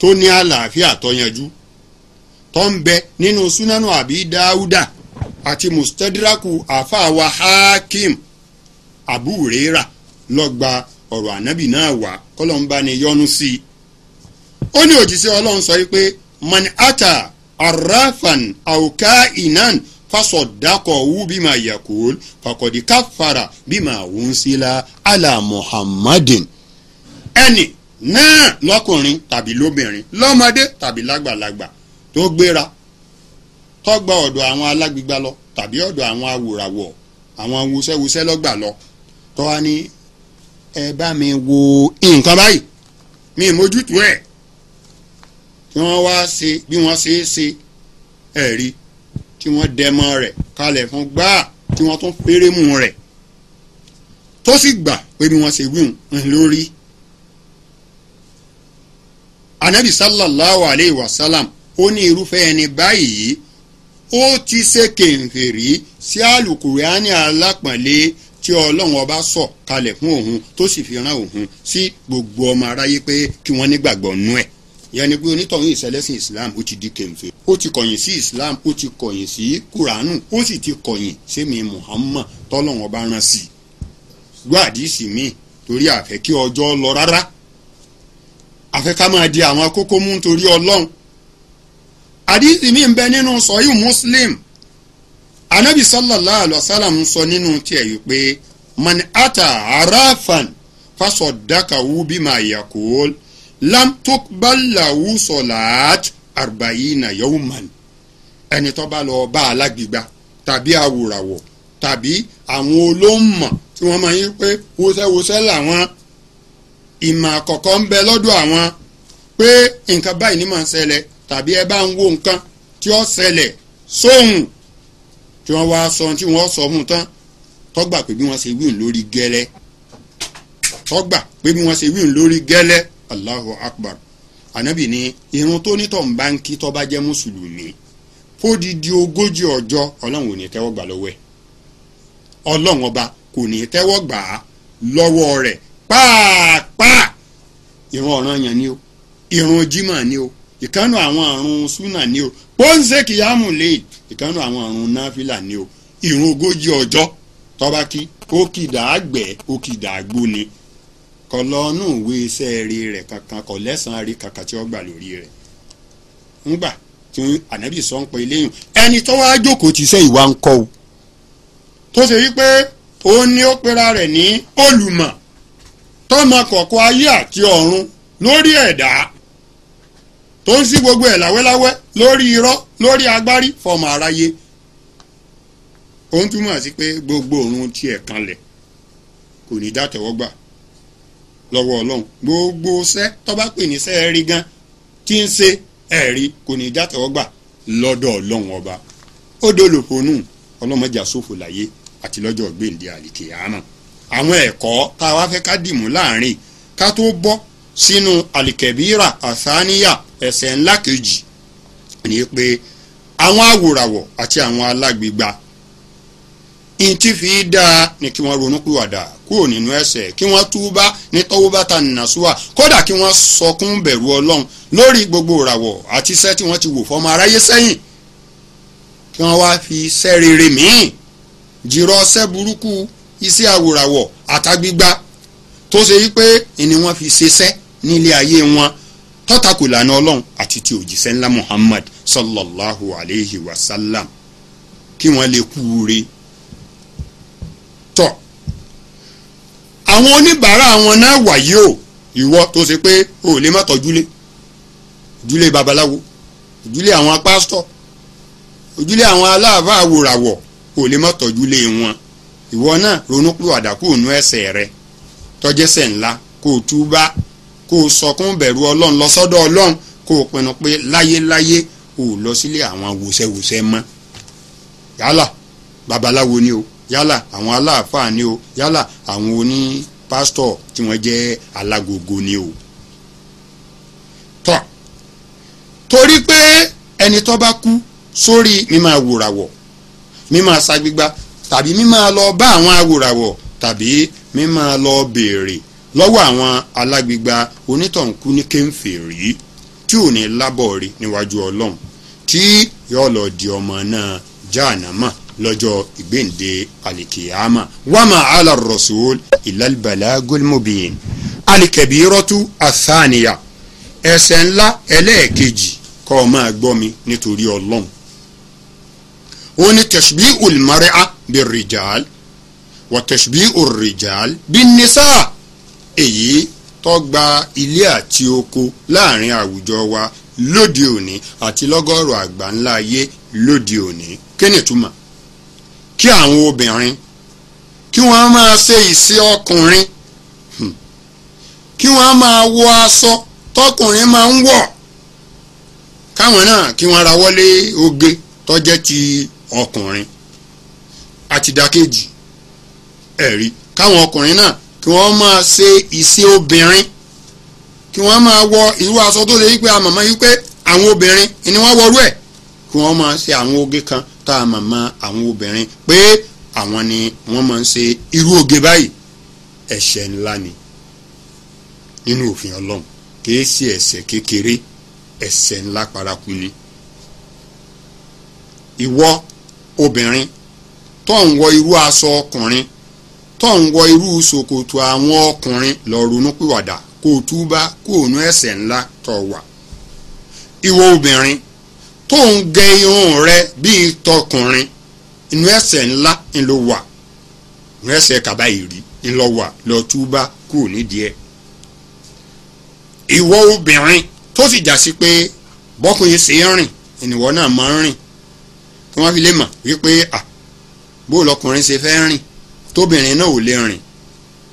Speaker 1: tó ní àlàáfíà tó tó ń bẹ nínú súnánù àbí dáúdà àti mustadraku àfàwà hakim abu rera lọ́gba ọ̀rọ̀ ànábì náà wá kọ́lọ́mbà ni yọ́nú sí i. ó ní òjíṣẹ́ ọlọ́run sọ pé man ata auka inan fasọdakọ wu bima yakul fakọdi kafara bima wunsila ala muhammadin. ẹni náà lọ́kùnrin tàbí lóbìnrin lọ́mọdé tàbí lágbàlagbà tó gbéra tó gba ọ̀dọ̀ àwọn alágbègbà lọ tàbí ọ̀dọ̀ àwọn awòràwọ̀ àwọn wusẹ́wusẹ́ lọ́gbà lọ tó wá ní ẹ bá mi wo nǹkan báyìí mi mójútó ẹ̀ tí wọ́n wá ṣe bí wọ́n ṣe é ṣe ẹ̀rí tí wọ́n dẹmọ rẹ̀ kalẹ̀ fún gbáà tí wọ́n tún péré mú rẹ̀ tó sì gbà pé bí wọ́n ṣe wíhùn lórí anabi sallallahu alayhi wa sallam ó ní irúfẹ́ ẹni báyìí ó ti ṣe kèǹfèrí sí àlùkùránì alápọ̀nlé tí ọlọ́run ọba sọ kalẹ̀ fún òun tó sì fi rán òun sí gbogbo ọmọ aráyé pé kí wọ́n nígbàgbọ́ nú ẹ̀ yẹni pé onítọ̀hún ìṣẹ̀lẹ̀sìn islam ó ti di kèǹfèrí ó ti kọ̀yìn sí islam ó ti kọ̀yìn sí kuranu ó sì ti kọ̀yìn sẹ́mi muhammad tọ́lọ́run ọba rán sí i gbọ́dí sí mi torí àfẹ́ kí ọjọ́ lọ rárá àfẹ́ ká máa di àwọn kókó mú nítorí ọlọ́run àdìsí mi ń bẹ nínú sọyún muslim anabi sallallahu Alaihi wa sallam sọ nínú tiẹ̀ yìí pé man ata arafan fasọdakawu bima yakul lam tukbalawu sọlaat arba'ina yawman ẹni tó bá lọ bá alágbègbà tàbí awòràwọ̀ tàbí àwọn olóńmọ̀ tí wọ́n máa ń pé wosẹ́wosẹ́ làwọn ìmọ̀ àkọ́kọ́ ń bẹ lọ́dọ̀ àwọn pé nǹkan báyìí ni máa ń ṣẹlẹ̀ tàbí ẹ bá ń wo nǹkan tí ó ṣẹlẹ̀ sóhun tí wọ́n wá sọ tí wọ́n sọ fún un tán tọ́gbà pé bí wọ́n ṣe wíhùn lórí gẹ́lẹ́ tọ́gbà pé bí wọ́n ṣe wíhùn lórí gẹ́lẹ́ Allahu Akbar ànábì ní irun tó nítọ̀ ń bá ń kí tó bá jẹ́ mùsùlùmí fódìdí ogójì ọjọ́ ọlọ́run ò ní tẹ́wọ́ gbà lọ́wọ́ ẹ̀ ọlọ́run ọba kò ní tẹ́wọ́ gbà á lọ́wọ́ rẹ̀ pàápàá ìran ọ̀ranyàn ni o ìran jímọ̀ ni o ìkánu àwọn àrùn súnà ni o pọ́ńsé lẹ́yìn àwọn àrùn náfìlà ni o ogójì ọjọ́ tọ́ba kí ókìdá àgbẹ̀ ókìdá àgbò ni kọlọ́ọ̀nù iṣẹ́ rí rẹ̀ kankan kọ lẹ́sàn-án kankan tí ó gbà lórí rẹ̀ ńgbà tí ànábì sọ ń pe o tó ṣe ni ó pera rẹ̀ ní olùmọ̀ ayé o ń sí gbogbo ẹ̀ láwẹ́láwẹ́ lórí irọ́ lórí agbárí fọmọ aráyé ó ń túmọ̀ sí pé gbogbo òun tiẹ̀ kanlẹ̀ kò ní dátẹ̀wọ́gbà lọ́wọ́ ọlọ́run gbogbo sẹ́ tó pè ní sẹ́ rí gan tí ń ṣe ẹ̀rí kò ní dátẹ̀wọ́gbà lọ́dọ̀ ọlọ́run ọba ó dolòpọ̀nù ọlọ́mọdé àsòfò láyé àti lọ́jọ́ gbèǹde àlìkèyàmà àwọn ẹ̀kọ́ tá a wá fẹ́ ká dìmú láàrin ká ese ńlá kejì ni pé àwọn awòràwọ̀ àti àwọn alágbègbà ti fi dáa ni kí wọ́n ronú pìwàdà kúrò nínú ẹ̀ṣẹ̀ kí wọ́n túbá ní ta nàṣúà kódà kí wọ́n sọkún bẹ̀rù ọlọ́run lórí gbogbo ìràwọ̀ àti iṣẹ́ tí wọ́n ti wò fọmọ aráyé sẹ́yìn kí wọ́n wá fi iṣẹ́ rere míì jìrọ̀ ọṣẹ́ burúkú iṣẹ́ awòràwọ̀ àtagbígbá tó ṣe pe ni wọ́n fi ṣeṣẹ́ nílé ayé wọn tọ́takò ìlànà ọlọ́run àti ti òjíṣẹ́ ńlá muhammad sallallahu alayhi wa sallam kí wọ́n lè kú re tọ́ àwọn oníbàárà wọn náà wàyí o ìwọ tó ṣe pé o lè má tọ́júlé ojúlé babaláwo ojúlé àwọn pásítọ̀ ojúlé àwọn aláàbá àwòràwọ̀ o lè má tọ́júlé wọn ìwọ náà ronú pé wàdà nú ẹ̀ṣẹ̀ rẹ tọ́jẹ́ṣẹ̀ ńlá kó o kó o sọkún bẹ̀rù ọlọ́run lọ sọ́dọ̀ ọlọ́run kó o pinnu pé láyéláyé o ò lọ sílé àwọn wòṣẹ́wòṣẹ́ mọ́ yálà babaláwo ni o yálà àwọn aláàfáà ni o yálà àwọn oní pásítọ̀ tí wọ́n jẹ́ alágogo ni o tọ́ torí pé ẹni tó bá kú sórí mímọ àwòràwọ̀ mímọ aṣagbígba tàbí mímọ lọ bá àwọn àwòràwọ̀ tàbí mímọ lọ béèrè lọ́wọ́ àwọn alágbègbà onítọ̀hún kú ní kẹ́ńfèrí tí ò ní lábọ̀ rí níwájú ọlọ́run tí yóò lọ di ọmọ náà jáànámà lọ́jọ́ ìgbéǹde alikiyama wàmà ala rasul ilalbala gulmubin alikabiratu asaniya ẹ̀ṣẹ̀ ńlá ẹlẹ́ẹ̀kejì kọ́ ọ máa gbọ́ mi nítorí ọlọ́run ó ní tẹ̀sùbí ulmari'a birrijal wà tẹ̀sùbí urrijal bin nisa èyí tó gba ilé àti oko láàrin àwùjọ wa lóde òní àti lọ́gọ́rọ̀ àgbà ńlá ayé lóde òní kí ni ìtumọ̀ kí àwọn obìnrin kí wọ́n máa ṣe ìṣe ọkùnrin hmm, kí wọ́n máa wọ aṣọ tọkùnrin máa ń wọ̀ káwọn náà kí wọ́n ra wọlé oge tó ti ọkùnrin àti ẹ̀rí káwọn ọkùnrin náà kí wọ́n máa ṣe ìṣe obìnrin kí wọ́n máa wọ irú aṣọ tó lè yí pé àmọ̀mọ́ yí pé àwọn obìnrin ni wọ́n wọrú ẹ̀ kí wọ́n máa ṣe àwọn oge kan tá a mọ̀mọ́ àwọn obìnrin pé àwọn ni wọ́n máa ń ṣe irú oge báyìí ẹ̀ṣẹ̀ ńlá ni nínú òfin ọlọ́run kìí ṣe ẹ̀ṣẹ̀ kékeré ẹ̀ṣẹ̀ ńlá paraku ni ìwọ obìnrin tó ń wọ irú aṣọ ọkùnrin tó ń wọ irú ṣòkòtò àwọn ọkùnrin lọ ronú pìwàdà kó o túbá kó o nú ẹ̀ṣẹ̀ ńlá tó wà. ìwọ obìnrin tó ń gẹ irun rẹ bíi tọkùnrin inú ẹ̀ṣẹ̀ ńlá ńlọ wà inú ẹ̀ṣẹ̀ kàbá ìrí ńlọ wà lọ túbá kó o nídìí ẹ̀. ìwọ obìnrin tó sì já sí pé bọ́kùnrin ṣe ń rìn ìnìwọ náà máa ń rìn kí wọ́n fi lè mọ̀ wípé bó lọkùnrin ṣe fẹ́ rìn tóbìnrin náà ò lè rìn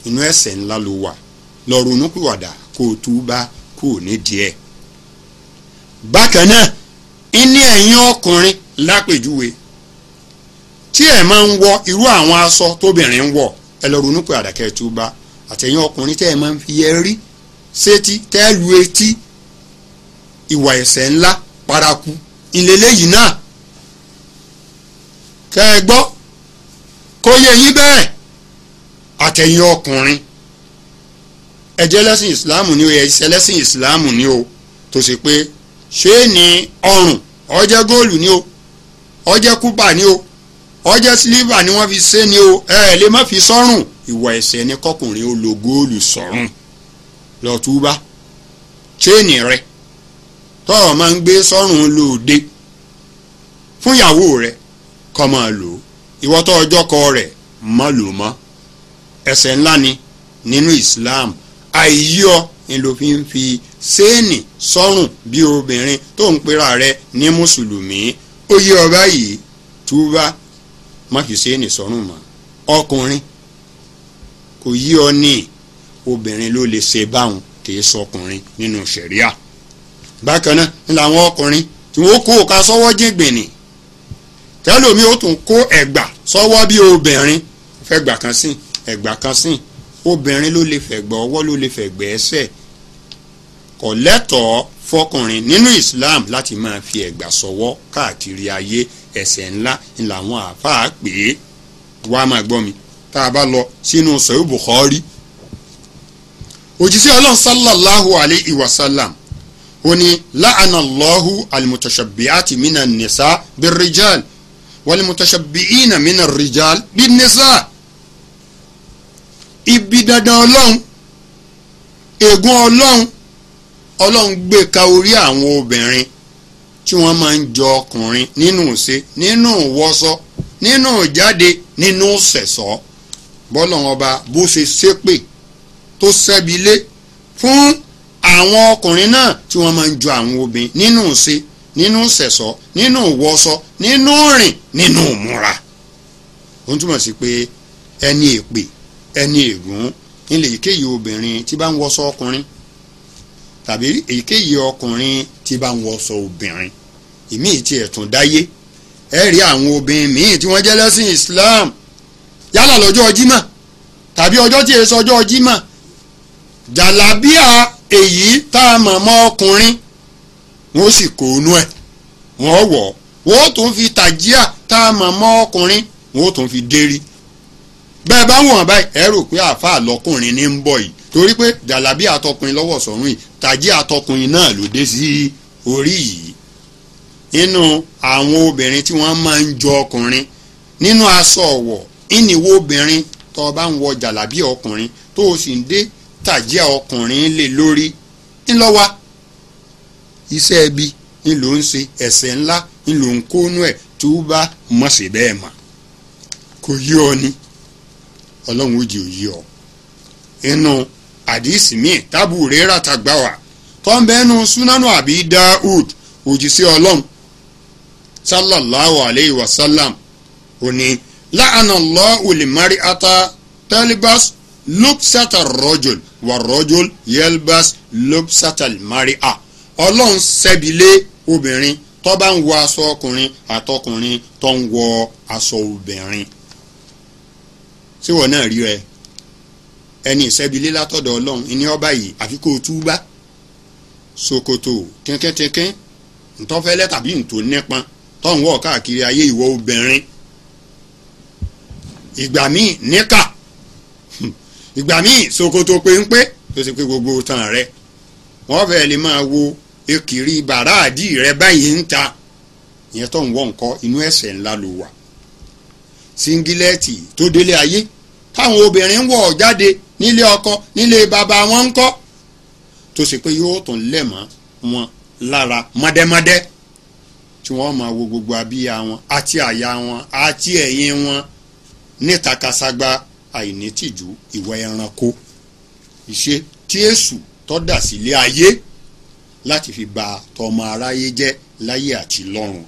Speaker 1: inú ẹsẹ̀ ńlá ló wà lọ ronúpìwàdà kó o tú bá kó o nídìí ẹ̀. bákan náà iní ẹ̀yìn ọkùnrin lápèjúwe tí ẹ̀ máa ń wọ irú àwọn aṣọ tóbìnrin ń wọ̀ ẹ lọ ronúpìwàdà kẹ́ ẹ tú bá àtẹ̀yìn ọkùnrin tẹ́ ẹ máa ń fi yẹ rí sétí tẹ́ ẹ lu etí ìwà ńlá paraku àtẹ̀yìn ọkùnrin ẹ̀jẹ̀ lẹ́sìn ìsìláàmù ni o ẹ̀jẹ̀ lẹ́sìn ìsìláàmù ni o tó ṣe pé ṣé ni ọrùn ọjẹ jẹ́ góòlù ni o ọjẹ jẹ́ ni o ọjẹ jẹ́ sílíbà ni wọn fi ṣe ni o ẹ ẹ lè má fi sọ́rùn ìwà ẹ̀ṣẹ̀ ni kọkùnrin ó lo góòlù sọ́rùn lọ́túbá chéènì rẹ tọ́ọ̀ máa ń gbé sọ́rùn lóde fún ìyàwó rẹ kọ máa lò ìwọ́tọ̀ ọjọ́ kọ rẹ̀ má lò mọ́. ẹ̀ṣẹ̀ ńlá ni nínú Islam àìyíọ ni ló fi ń fi séènì sọ́rùn bí obìnrin tó ń pera rẹ̀ ní mùsùlùmí ó yé ọ báyìí túbá má fi séènì sọ́rùn mọ́ ọkùnrin kò yí ọ ní obìnrin ló lè ṣe báwọn kì í sọkùnrin nínú ṣẹ̀ríà bákan náà ni làwọn ọkùnrin tí wọ́n kó ka sọ́wọ́ jíngbìn tẹ́lómi ó tún kó ẹ̀gbà sọ́wọ́ bí obìnrin fẹ́ gbà kan sí i ẹ̀gbà kan sìn obìnrin ló lè fẹ̀gbà ọwọ́ ló lè fẹ̀gbà ẹsẹ̀ kò lẹ́tọ̀ọ́ fọkùnrin nínú Islam láti máa fi ẹ̀gbà sọwọ́ káàkiri ayé ẹ̀ṣẹ̀ ńlá làwọn àáfàá pè é wàá máa gbọ́ mi tá a bá lọ sínú sọ̀rọ̀ Bukhari òjíṣẹ́ ọlọ́run sallallahu alayhi wa sallam ó ní láàánà lọ́hù alimutashabiati mina nisa birrijal walimutashabiina mina rijal binisa ibi dandan ọlọ́run ègún ọlọ́run ọlọ́run gbé ka orí àwọn obìnrin tí wọ́n máa ń jọ ọkùnrin nínú ṣe nínú wọ́sọ nínú jáde nínú sẹ̀sọ́ bọ́lọ́run ọba bó ṣe ṣépè tó ṣẹ́bilé fún àwọn ọkùnrin náà tí wọ́n máa ń jọ àwọn obìnrin nínú ṣe nínú sẹ̀sọ́ nínú wọ́sọ nínú rìn nínú múra ó ń túmọ̀ sí pé ẹni èpè. E ẹni ègún nílẹ̀ èyíkéyìí obìnrin tí bá ń wọṣọ ọkùnrin tàbí èyíkéyìí ọkùnrin tí bá ń wọṣọ obìnrin ìmí ti ẹ̀tún dáyé ẹ rí àwọn obìnrin míì tí wọ́n jẹ́ lẹ́sìn Islam yálà lọ́jọ́ Jímọ̀ tàbí ọjọ́ tí èso ọjọ́ Jímọ̀ jàlábíà èyí tá a mọ̀ mọ́ ọkùnrin wọ́n sì kó inú ẹ̀ wọ́n wọ̀ wọ́n tún fi tàjíà tá a mọ̀ mọ́ ọkùnrin wọ́n tún fi dérí bẹ́ẹ̀ bá wọ̀n báyìí ẹ rò pé àáfàá lọkùnrin ní ń bọ̀ yìí torí pé jàlábí àtọkùnrin lọ́wọ́ sọ̀rùn yìí tàjí àtọkùnrin náà ló dé sí orí yìí nínú àwọn obìnrin tí wọ́n máa ń jọ ọkùnrin nínú aṣọ ọ̀wọ̀ ìníwó obìnrin tó o bá ń wọ jàlábí ọkùnrin tó o sì ń dé tàjí ọkùnrin lè lórí ńlọ́wà iṣẹ́ ẹbí ńlò ń ṣe ẹ̀ṣẹ̀ ńlá ńlò ń kónú ẹ̀ tó bá mọ̀ sí bẹ́ẹ̀ mọ̀ kò yí ọ ni ọlọ́run ó jẹ́ òye ọ. inú àdìsí míì tábù rírà tàgbà wà tọ́ńbẹ́nu súnánù àbí dáúd òjíṣẹ́ ọlọ́run sallallahu alayhi wa sallam ó ní láàánà lọ́ olùmọ́rí ata talibas lupsata rojul wà rojul yelbas lupsata maria ọlọ́run ṣẹ́bilé obìnrin tó ń wọ aṣọ ọkùnrin àtọkùnrin tó ń wọ aṣọ obìnrin tí wọ́n náà rí rẹ ẹni ìṣẹ́bilé látọ̀dọ̀ ọlọ́run ìní ọba yìí àfi kó o túbá ṣòkòtò kínkínkínkín ntọ́fẹ́lẹ́ tàbí ntò nípọn tọ́hún wọ̀ káàkiri ayé ìwọ obìnrin ìgbà míì níkà ìgbà míì ṣòkòtò péńpé tó ṣe pé gbogbo tán rẹ wọ́n fẹ́ lè máa wo ekiri bàràdì rẹ báyìí ń ta ìyẹn tọ́hún wọ̀ nǹkan inú ẹ̀ṣẹ̀ ńlá ló wà síngílẹ́ẹ̀tì tó délé ayé táwọn obìnrin wọ̀ jáde nílé ọkọ nílé bàbá wọn ń kọ́ tó sì pé yóò tún lẹ̀ mọ́ wọn lára mọ́dẹ́mọ́dẹ́ tí wọ́n máa wo gbogbo abíyá wọn àti àyà wọn àti ẹ̀yìn wọn níta kasagba àìnítìjú ìwà ẹranko ìṣe tí èṣù tọ́dà sílé ayé láti fi ba tọmọ aráyé jẹ́ láyé àti lọ́run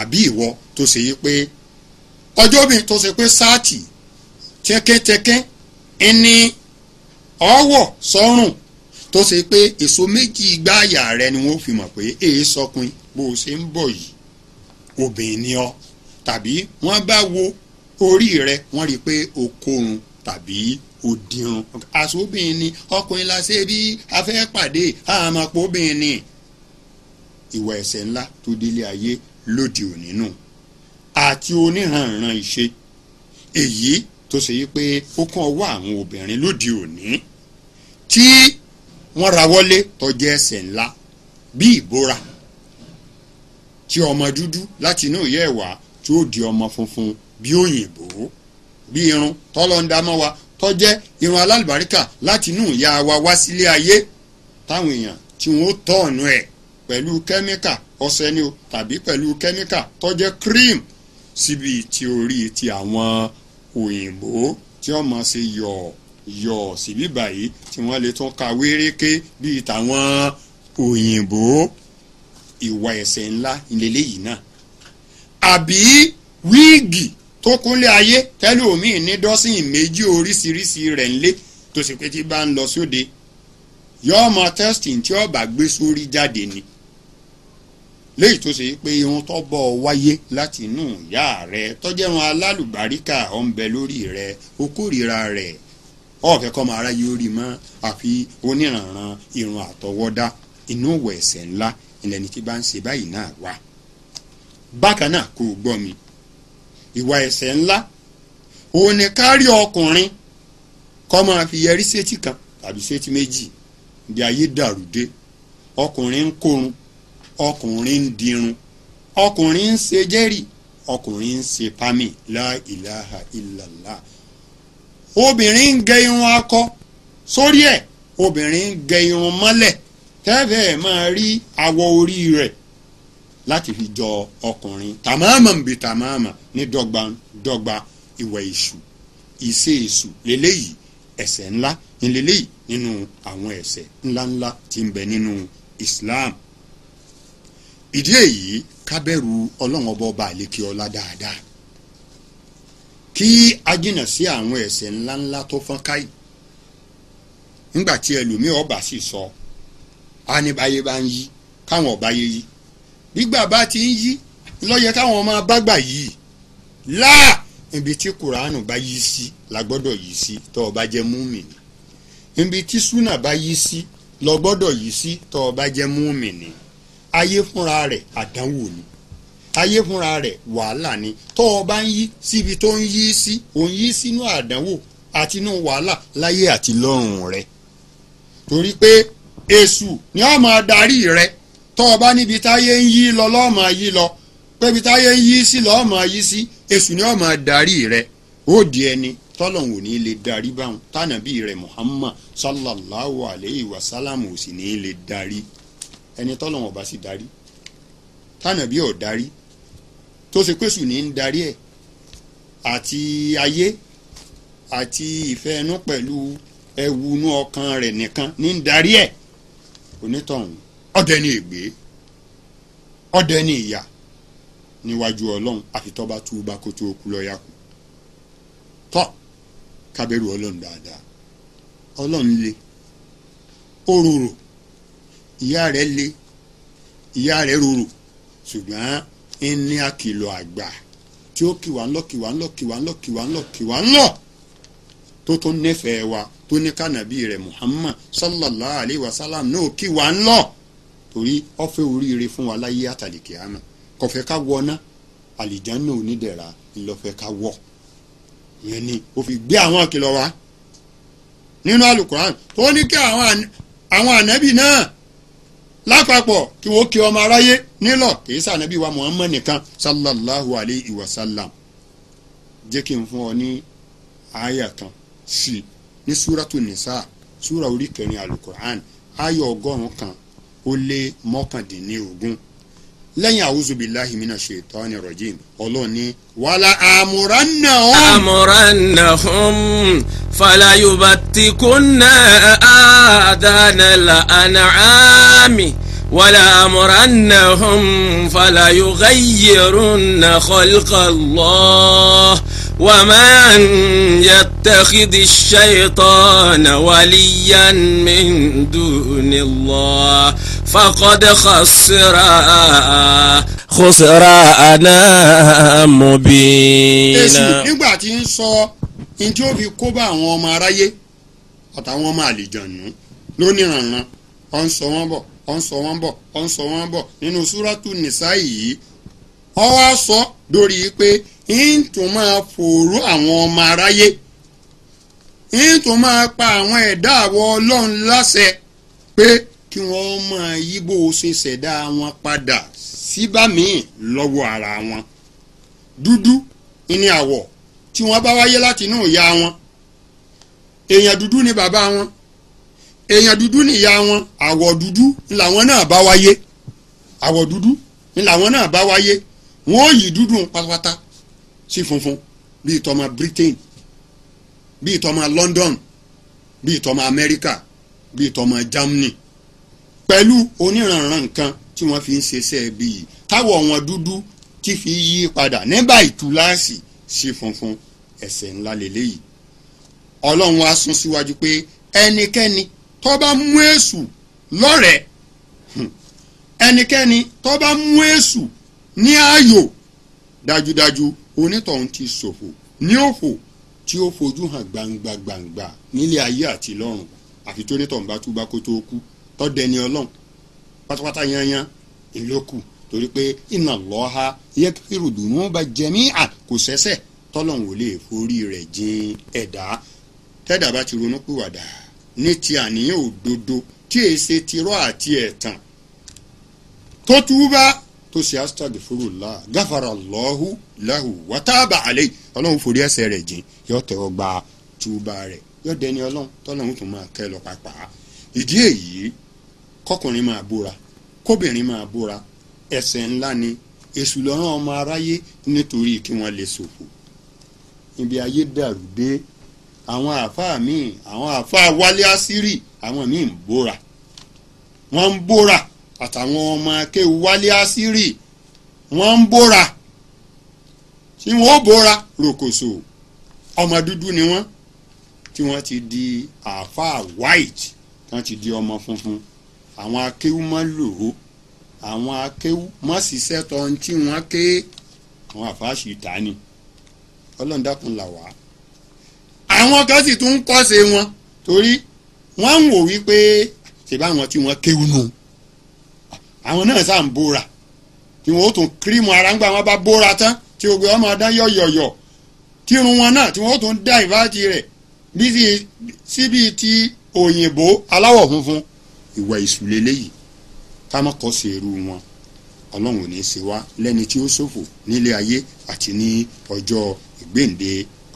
Speaker 1: àbí ìwọ tó ṣe yí pé ọjọ́ mi tó ṣe pé sáàtì tẹ́kẹ́tẹ́kẹ́ ẹni ọ̀wọ̀ sọ́rùn tó ṣe pé èso méjì gbáàyà rẹ ni wọ́n fi mọ̀ pé èé sọkùn bó o ṣe ń bọ̀ yìí obìnrin ni ọ tàbí wọ́n bá wo orí rẹ wọ́n rí i pé o kórun tàbí o dirun àṣọbìnrin ni ọkùnrin la ṣe bí afẹ́ pàdé àmọ́pọ̀ obìnrin ni ìwà ẹ̀ṣẹ̀ ńlá tó délé ayé lóde òní nù àti oníhànràn ìṣe èyí tó ṣe yí pé ó kàn wá àwọn obìnrin lóde òní tí wọ́n ra wọlé tọ́jú ẹsẹ̀ ńlá bí ìbora tí ọmọ dúdú láti inú ìyá ẹ̀wà tí ó di ọmọ funfun bí òyìnbó bí irun tọ́lọ́ wa tọ́jẹ́ irun alálùbáríkà láti inú ìyá wa wá sílé ayé táwọn èèyàn tí wọ́n tọ̀ọ̀nù ẹ̀ pẹ̀lú kẹ́míkà ọṣẹ ni o tàbí pẹ̀lú kẹ́míkà tọ́jẹ́ cream síbi tí orí ti àwọn òyìnbó tí wọ́n máa ṣe yọ̀ yọ̀ síbí báyìí tí wọ́n lè tún ka wéréké bíi tàwọn òyìnbó ìwà ẹ̀ṣẹ̀ ńlá ìlélẹ́yìí náà àbí wíìgì tó kúnlé ayé tẹ́lẹ̀ omi ní dọ́sìn méjì oríṣiríṣi rẹ̀ ńlé tó sì pé tí bá ń lọ sóde yọ́ọ́ máa tẹ́sítì tí ọba gbé sórí jáde ni. léyìí tó ṣe pé irun tó bọ̀ wáyé láti inú ìyá rẹ tọ́jẹ́run alálùbáríkà ọ̀ ń bẹ lórí rẹ o rẹ ọ̀fẹ́ kọ́ máa ráyé orí mọ́ àfi oníranran irun àtọwọ́dá inú òwò ẹ̀sẹ̀ ńlá ìlẹ́ni tí bá ń ṣe báyìí náà wà. bákan náà kò gbọ́ mi ìwà ẹ̀sẹ̀ ńlá òun ni kárí ọkùnrin kọ́ máa fi yẹrí sétí kan tàbí sétí méjì bí ayé dàrú dé ọkùnrin ń kórun ọkùnrin ń dirun ọkùnrin ń ṣe jẹ́rì ọkùnrin ń ṣe pámì la ilaha illallah obìnrin ń gẹ irun akọ sórí ẹ̀ obìnrin ń gẹ irun mọ́lẹ̀ tẹ́fẹ̀ ẹ̀ máa rí awọ orí rẹ̀ láti fi jọ ọkùnrin tàmáàmà ń bi tàmáàmà ní dọ́gba dọ́gba ìwà èṣù ìṣe èṣù lélẹ́yìí ẹ̀ṣẹ̀ ńlá ńlẹ́lẹ́yìí nínú àwọn ẹ̀ṣẹ̀ ńláńlá tí ń bẹ nínú Islam ìdí èyí ká bẹ̀rù ọlọ́run ọba ọba àlékè ọlá dáadáa kí a jìnà sí àwọn ẹ̀ṣẹ̀ ńláńlá tó fọ́n káyì nígbà tí ẹlòmíì ọba sì sọ a ní báyé bá ń yí káwọn ọba yé yí gbígbà bá ti ń yí lọ́yẹ káwọn ọmọ abágbà yìí láà ibi tí kuranu bá yí sí la gbọ́dọ̀ yí sí tó o bá jẹ́ múmìnì ibi tí súnà bá yí sí lọ gbọ́dọ̀ yí sí tó o bá jẹ́ múmìnì. ayé fúnra rẹ̀ àdánwò ni ayé fúnra rẹ̀ wàhálà ni tó o bá ń yí síbi tó ń yí sí ò ń yí sínú àdánwò àti inú wàhálà láyé àti lọ́rùn rẹ̀ torí pé èṣù ni ó máa darí rẹ̀ tó o bá níbi táyé ń yí lọ lọ́ọ́ máa yí lọ pé ibi táyé ń yí sí lọ́ọ́ máa yí sí èṣù ni ó máa darí rẹ̀ ó di ẹni tọ́lọ̀hún ò ní lè darí báwọn tànàbí rẹ̀ Muhammad sallallahu alayhi wa sallam ò sì ní lè darí ẹni tọ́lọ́wọ̀n bá sì darí tànàbí ò darí tó ṣe pèsè ní ń darí ẹ̀ àti ayé àti ìfẹ́ ẹnu pẹ̀lú ẹwu inú ọkàn rẹ̀ nìkan ní ń darí ẹ̀ onítọ̀hún ọdẹ ní ègbé ọdẹ ní ìyà níwájú ọlọ́run àfitọ́ba túba kó tó kú lọ́ọ́yà kù tọ́ kábẹ́rù ọlọ́run dáadáa ọlọ́run le ó rorò ìyá rẹ̀ le ìyá rẹ̀ rorò ṣùgbọ́n ẹni àkìlọ̀ àgbà tí ó kìwà ńlọ kìwà ńlọ kìwà ńlọ kìwà ńlọ kìwà ńlọ tó tó nífẹ̀ẹ́ wa tó ní kànábì rẹ̀ Muhammad sallallahu alayhi wa sallam náà kìwà ńlọ torí ọ̀fẹ́ oríire fún wa láyé àtàlìkè àmà kọ̀fẹ́ ká wọná àlìjáná onídẹ̀ra ńlọfẹ́ ká wọ̀ yẹn ni ó fi gbé àwọn àkìlọ̀ wa nínú alukuran tó ní kí àwọn ànábì náà lápapọ̀ kí wọ́n kí ọmọ aráyé nílọ̀ kì í sànẹ́bí wa Muhammad nìkan sallallahu alayhi wa sallam jẹ́ kí n fún ọ ní àyà kan sí i ní súratu nìsá súra orí kẹrin alukur'an àyà ọgọ́rùn-ún kan ó lé mọ́kàndínlógún lẹ́yìn a'udhu billahi minash shaitani rajim ọlọ́run ní wàlà amurannahum.
Speaker 2: amurannahum fala yubattikunna adanal an'ami wàlà amurannahum fala yughayyirunna khalqa Allah. ومن يتخذ الشيطان وليا من دون الله فقد خسر خسرانا مبينا èsì
Speaker 1: nígbà tí ń sọ ní tí ó fi kó bá àwọn ọmọ aráyé àtàwọn ọmọ àlìjànú lónìí rànran ó ń sọ wọ́n bọ̀ ó ń sọ wọ́n bọ̀ ó ń sọ wọ́n bọ̀ nínú súrátù nìsáyìí ó wá sọ dórí pé ń tún máa fòòró àwọn ọmọ aráyé ń tún máa pa àwọn ẹ̀dá àwọ̀ ọlọ́run láṣẹ pé kí wọ́n máa yí bó o ṣe ṣẹ̀dá wọn padà síbàmíì lọ́wọ́ ara wọn dúdú ní àwọ̀ tí wọ́n bá wáyé láti inú ìyá wọn èèyàn dúdú ni bàbá wọn èèyàn dúdú ni ìyá wọn àwọ̀ dúdú làwọn náà bá wáyé àwọ̀ dúdú làwọn náà bá wáyé wọ́n yí dúdú pátápátá sí funfun bíi tọmọ Britain bíi tọmọ London bíi tọmọ America bíi tọmọ Germany pẹ̀lú oníranran nǹkan tí wọ́n fi ń ṣeṣẹ́ ẹbí yìí táwọ̀ wọn dúdú tí fi yí padà nígbà ìtúláàsì sí funfun ẹ̀ṣẹ̀ ńlá lélẹ́yìí Ọlọ́run wa sún síwájú pé ẹnikẹ́ni tó bá mú èṣù lọ́rẹ̀ẹ́ ẹnikẹ́ni tó bá mú èṣù ní ààyò dájúdájú onítọ̀hún ti ṣòfò ní òfò tí ó fojú hàn gbangba gbangba nílé ayé àti lọ́run àfi tó onítọ̀hún bá túbá kó tó kú tó dẹni ọlọ́run pátápátá yanyan ìlókù torí pé iná lọ́ha yẹ́kìrì dùnúbà jẹ́mí à kò sẹ́sẹ̀ tọ́lọ́hún ò lè forí rẹ̀ jìn ẹ̀dá tẹ́dà bá ti ronú pìwàdà ní ti àníyàn òdodo tí èé tirọ́ àti ẹ̀tàn tó túbá tó ṣe astagfirullah gáfàrà lọ́hùn lahu wàtáàbà àlẹ́ ọlọ́run forí ẹ̀ṣẹ̀ rẹ̀ jìn yóò tẹ́wọ́ gba túbà rẹ̀ yóò dẹni ọlọ́run tọ́lọ́run tó máa kẹ́ lọ pàápàá ìdí èyí kọkùnrin máa búra kóbìnrin máa búra ẹ̀ṣẹ̀ ńlá ni èṣù lọ́rán ọmọ aráyé nítorí kí wọ́n lè sòfò. ibi ayé dàrú dé àwọn àáfàá míì àwọn àáfàá wálé àṣírí àwọn míì ń bóra wọ́n ń bóra àtàwọn ọmọ akéwálé àṣírí wọ́n ń bóra tí wọ́n bóra ròkòṣò ọmọ dúdú ni wọ́n tí wọ́n ti di àáfàá white tí wọ́n ti di ọmọ funfun àwọn akéwú máa lò ó àwọn akéwú má ṣiṣẹ́ tọ́ ohun tí wọ́n ké àwọn àfáàṣì ìta ni ọlọ́run dákun là wá. àwọn kan sì tún ń kọ́ṣe wọn torí wọ́n ń wò wípé ṣèbá àwọn tí wọ́n kéwú nù àwọn náà sá bóra tí wọ́n ó tún kírímù ara ń bá bóra tán tí gbogbo wọn máa dá yọ̀yọ̀yọ̀ tí irun wọn náà tí wọ́n tún dá ìbáàtì rẹ̀ bí síbi ti òyìnbó aláwọ̀ funfun ìwà èṣù lélẹ́yìí ká má kọ́ sí irú wọn ọlọ́run ò ní í ṣe wá lẹ́ni tí ó ṣòfò nílé ayé àti ní ọjọ́ ìgbéǹde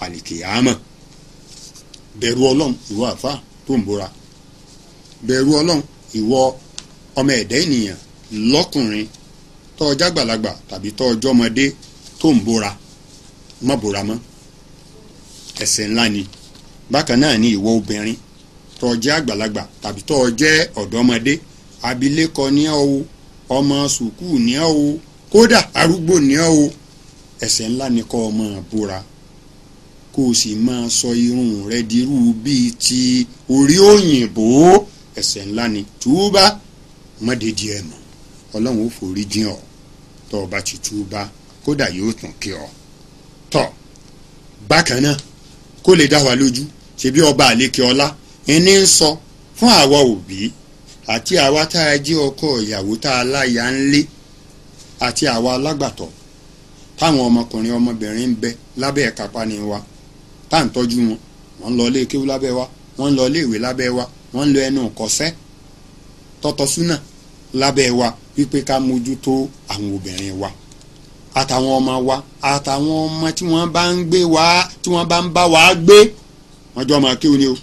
Speaker 1: àlìkèyàmọ̀ bẹ̀rù ọlọ́run ìwọ àfa tó ń bora bẹ̀rù ọlọ́run ìwọ ọmọ ẹ̀dá ènìyàn lọ́kùnrin tọ́ọ̀jágbàlagbà tàbí tọ́ọ̀jọ́mọdé tó ń bora má bora mọ́ ẹ̀ṣẹ̀ ńlá ni bákan náà ni ìwọ obìnrin tó jẹ́ àgbàlagbà tàbí tó jẹ́ ọ̀dọ́mọdé abilékọ ní ọ ọmọ sùkúù ní ọ kódà arúgbó ní ọ o ńlá ni kó o máa bora kó o sì máa sọ irun rẹ dirú bíi ti orí òyìnbó ẹ̀ṣẹ̀ ńlá ni túbá mọdèdí Ọlọ́run ó forí jìn ọ́ tó o bá ti túbá. kódà yóò tún kí ọ. tọ. bákan náà kó lè dá wa lójú ṣebí ọba àlékè ọlá ẹni ń sọ fún àwa òbí àti àwa tá a jẹ́ ọkọ ìyàwó tá a láya ń lé àti àwa alágbàtọ́ táwọn ọmọkùnrin ọmọbìnrin ń bẹ lábẹ́ ìkápá ni wa tá à ń tọ́jú wọn wọ́n ń lọ ilé kéwú lábẹ́ wa wọn ń lọ ilé ìwé lábẹ́ wa wọ́n ń lọ ẹnu kọsẹ́ tọ́tọ́súnà lábẹ́ wa wípé ká mójútó àwọn obìnrin wa. àtàwọn ọmọ wa àtàwọn ọmọ tí wọ́n bá ń gbé wa tí wọ́n bá ń bá wa gbé wọ́n jọ ọmọ akéwì ni o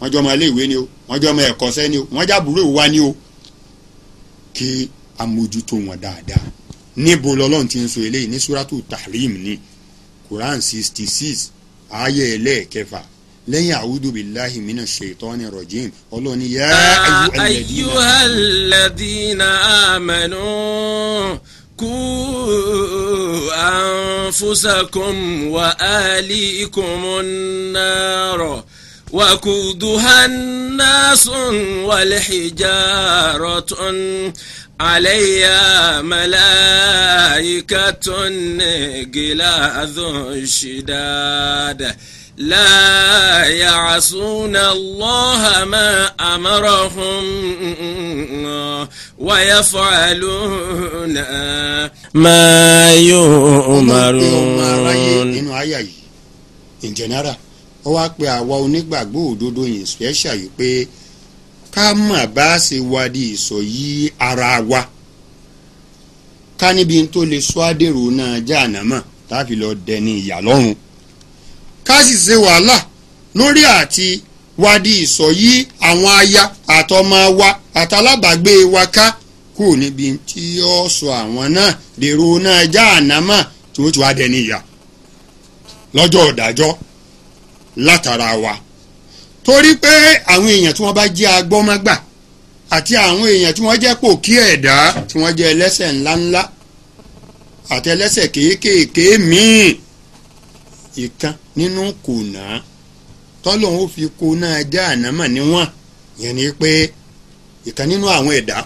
Speaker 1: wọ́n jọ ọmọ iléèwé ni o wọ́n jọ ọmọ ẹ̀kọ́ṣẹ́ ni o wọ́n jábùrò wa ni o kí a wọn dáadáa níbo lọ́lọ́run ti ń sọ eléyìí ní suratu tahrim ni quran sixty six ayé ẹlẹ́ẹ̀kẹfà lẹ́yìn àwùdù bíláhi mina ṣètọ́ni rọ̀jìn ọlọ́ni yá
Speaker 2: ayyuhalladhina amanu kú. وأنفسكم وأهليكم النار وقودها الناس والحجارة عليها ملائكة غلاظ شداد لا يعصون الله ما أمرهم ويفعلون ما يؤمرون nínú
Speaker 1: àyà yìí in general ó wáá pe àwa onígbàgbọ́ òdodo yìí special yìí pé ká mà bá ṣe wádìí ìsọ̀yí ara wa ká níbi tó lè sọ àdèrò náà jáànámà tá a fi lọ dẹni ìyà lọ́rùn ká sì ṣe wàhálà lórí àti wádìí ìsọ̀yí àwọn aya àtọmọ wa àtàlábàgbé wa ká kò níbi tí ó sọ àwọn náà dèrò náà já ànámọ́ tí ó ti wá dẹni ìyà lọ́jọ́ ọ̀dájọ́ látara wa torí pé àwọn èèyàn tí wọ́n bá jẹ́ agbọ́mọ́gbà àti àwọn èèyàn tí wọ́n jẹ́ pòkí ẹ̀dá tí wọ́n jẹ́ ẹlẹ́sẹ̀ ńláńlá àti kéékèèké míì ìkan nínú kùnà tọ́lọ́hún ó fi kùnà já ànámà níwọ̀n yẹn ni pé ìkan nínú àwọn ẹ̀dá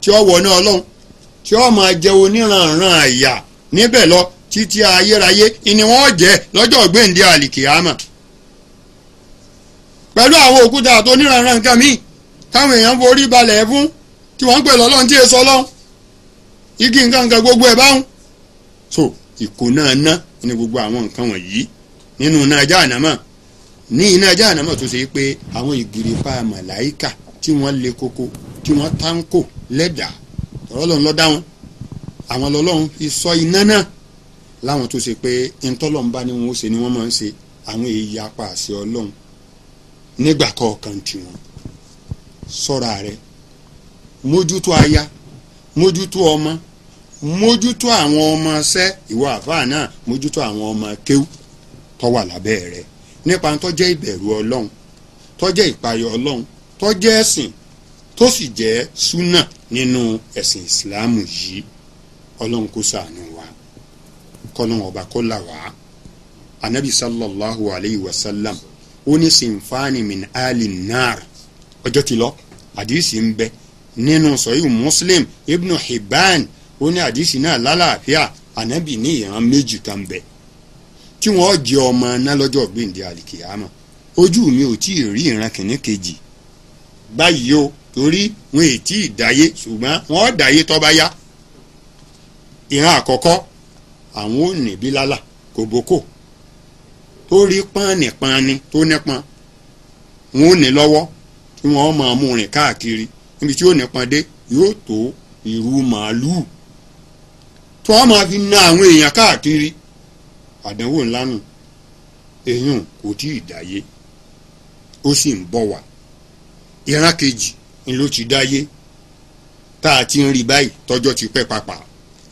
Speaker 1: tí ó wọná ọlọ́run tí ó máa jẹ oníranran àyà níbẹ̀ lọ títí ayérayé ni wọ́n jẹ́ lọ́jọ́ gbèǹde àlìkìyàmà pẹ̀lú àwọn òkúta àti oníranran nǹkan míì táwọn èèyàn forí balẹ̀ fún tí wọ́n ń pè lọ́lọ́run tí èso ọlọ́run igi nǹkan nǹkan gbogbo ẹ̀ báwọn so ìkó náà ná ní gbogbo àwọn nǹkan wọ̀nyí nínú iná jahannama ní iná jahannama tó ṣe pé àwọn ìgìrìpá màláìkà tí wọ́n le koko tí wọ́n táǹkò lẹ́dà ọlọ́run ló wọn àwọn lọ́lọ́run fi sọ iná náà láwọn tó ṣe pé ntọ́lọ́mbá ni wọ́n ṣe ni wọ́n máa ń ṣe àwọn èèyàn apá àṣẹ ọlọ́run nígbà kọ̀ọ̀kan tiwọn sọ́ra rẹ mójútó aya mójútó ọmọ mójútó àwọn ọmọ ṣẹ́ ìwọ àfáà náà mójútó àwọn ọmọ kéwù tó wà lábẹ́ rẹ̀ nípa tó jẹ́ ìbẹ̀rù ọlọ́run tó jẹ́ ìpayọ ọlọ́run tó jẹ́ ẹ̀sìn tó sì jẹ́ súnà nínú ẹ̀sìn ìsìláàmù yìí ọlọ́run kó ṣàánú wa kọ́lọ́n ọba kó là wá anabi sallallahu alayhi wa sallam ó ní sinfani min ali nar ọjọ́ ti lọ àdìsí ń bẹ nínú sọ̀yìn muslim ibnu hibban ó ní àdìsí náà lálàáfíà anabi ní ìran méjì kan bẹ́ẹ̀ tí ọ jẹ ọmọ ná lọ́jọ́ gbèǹde àlìkìyàmà ojú mi ò tí ì rí ìran kìnní kejì báyìí o torí wọn ì tí ì dáyé ṣùgbọ́n wọ́n dáyé bá yá ìran àkọ́kọ́ àwọn ò ní bí lálà kòbókò tó nípọn wọn ò ní tí máa mú rìn káàkiri níbi tí nípọn dé yóò fi na àwọn èèyàn káàkiri àdánwò ńlá nù èèyàn kò tí ì dáyé ó sì ń bọ̀ wá ìran kejì ń ló ti dáyé tá a ti ń rí báyìí tọ́jọ́ ti pẹ́ papà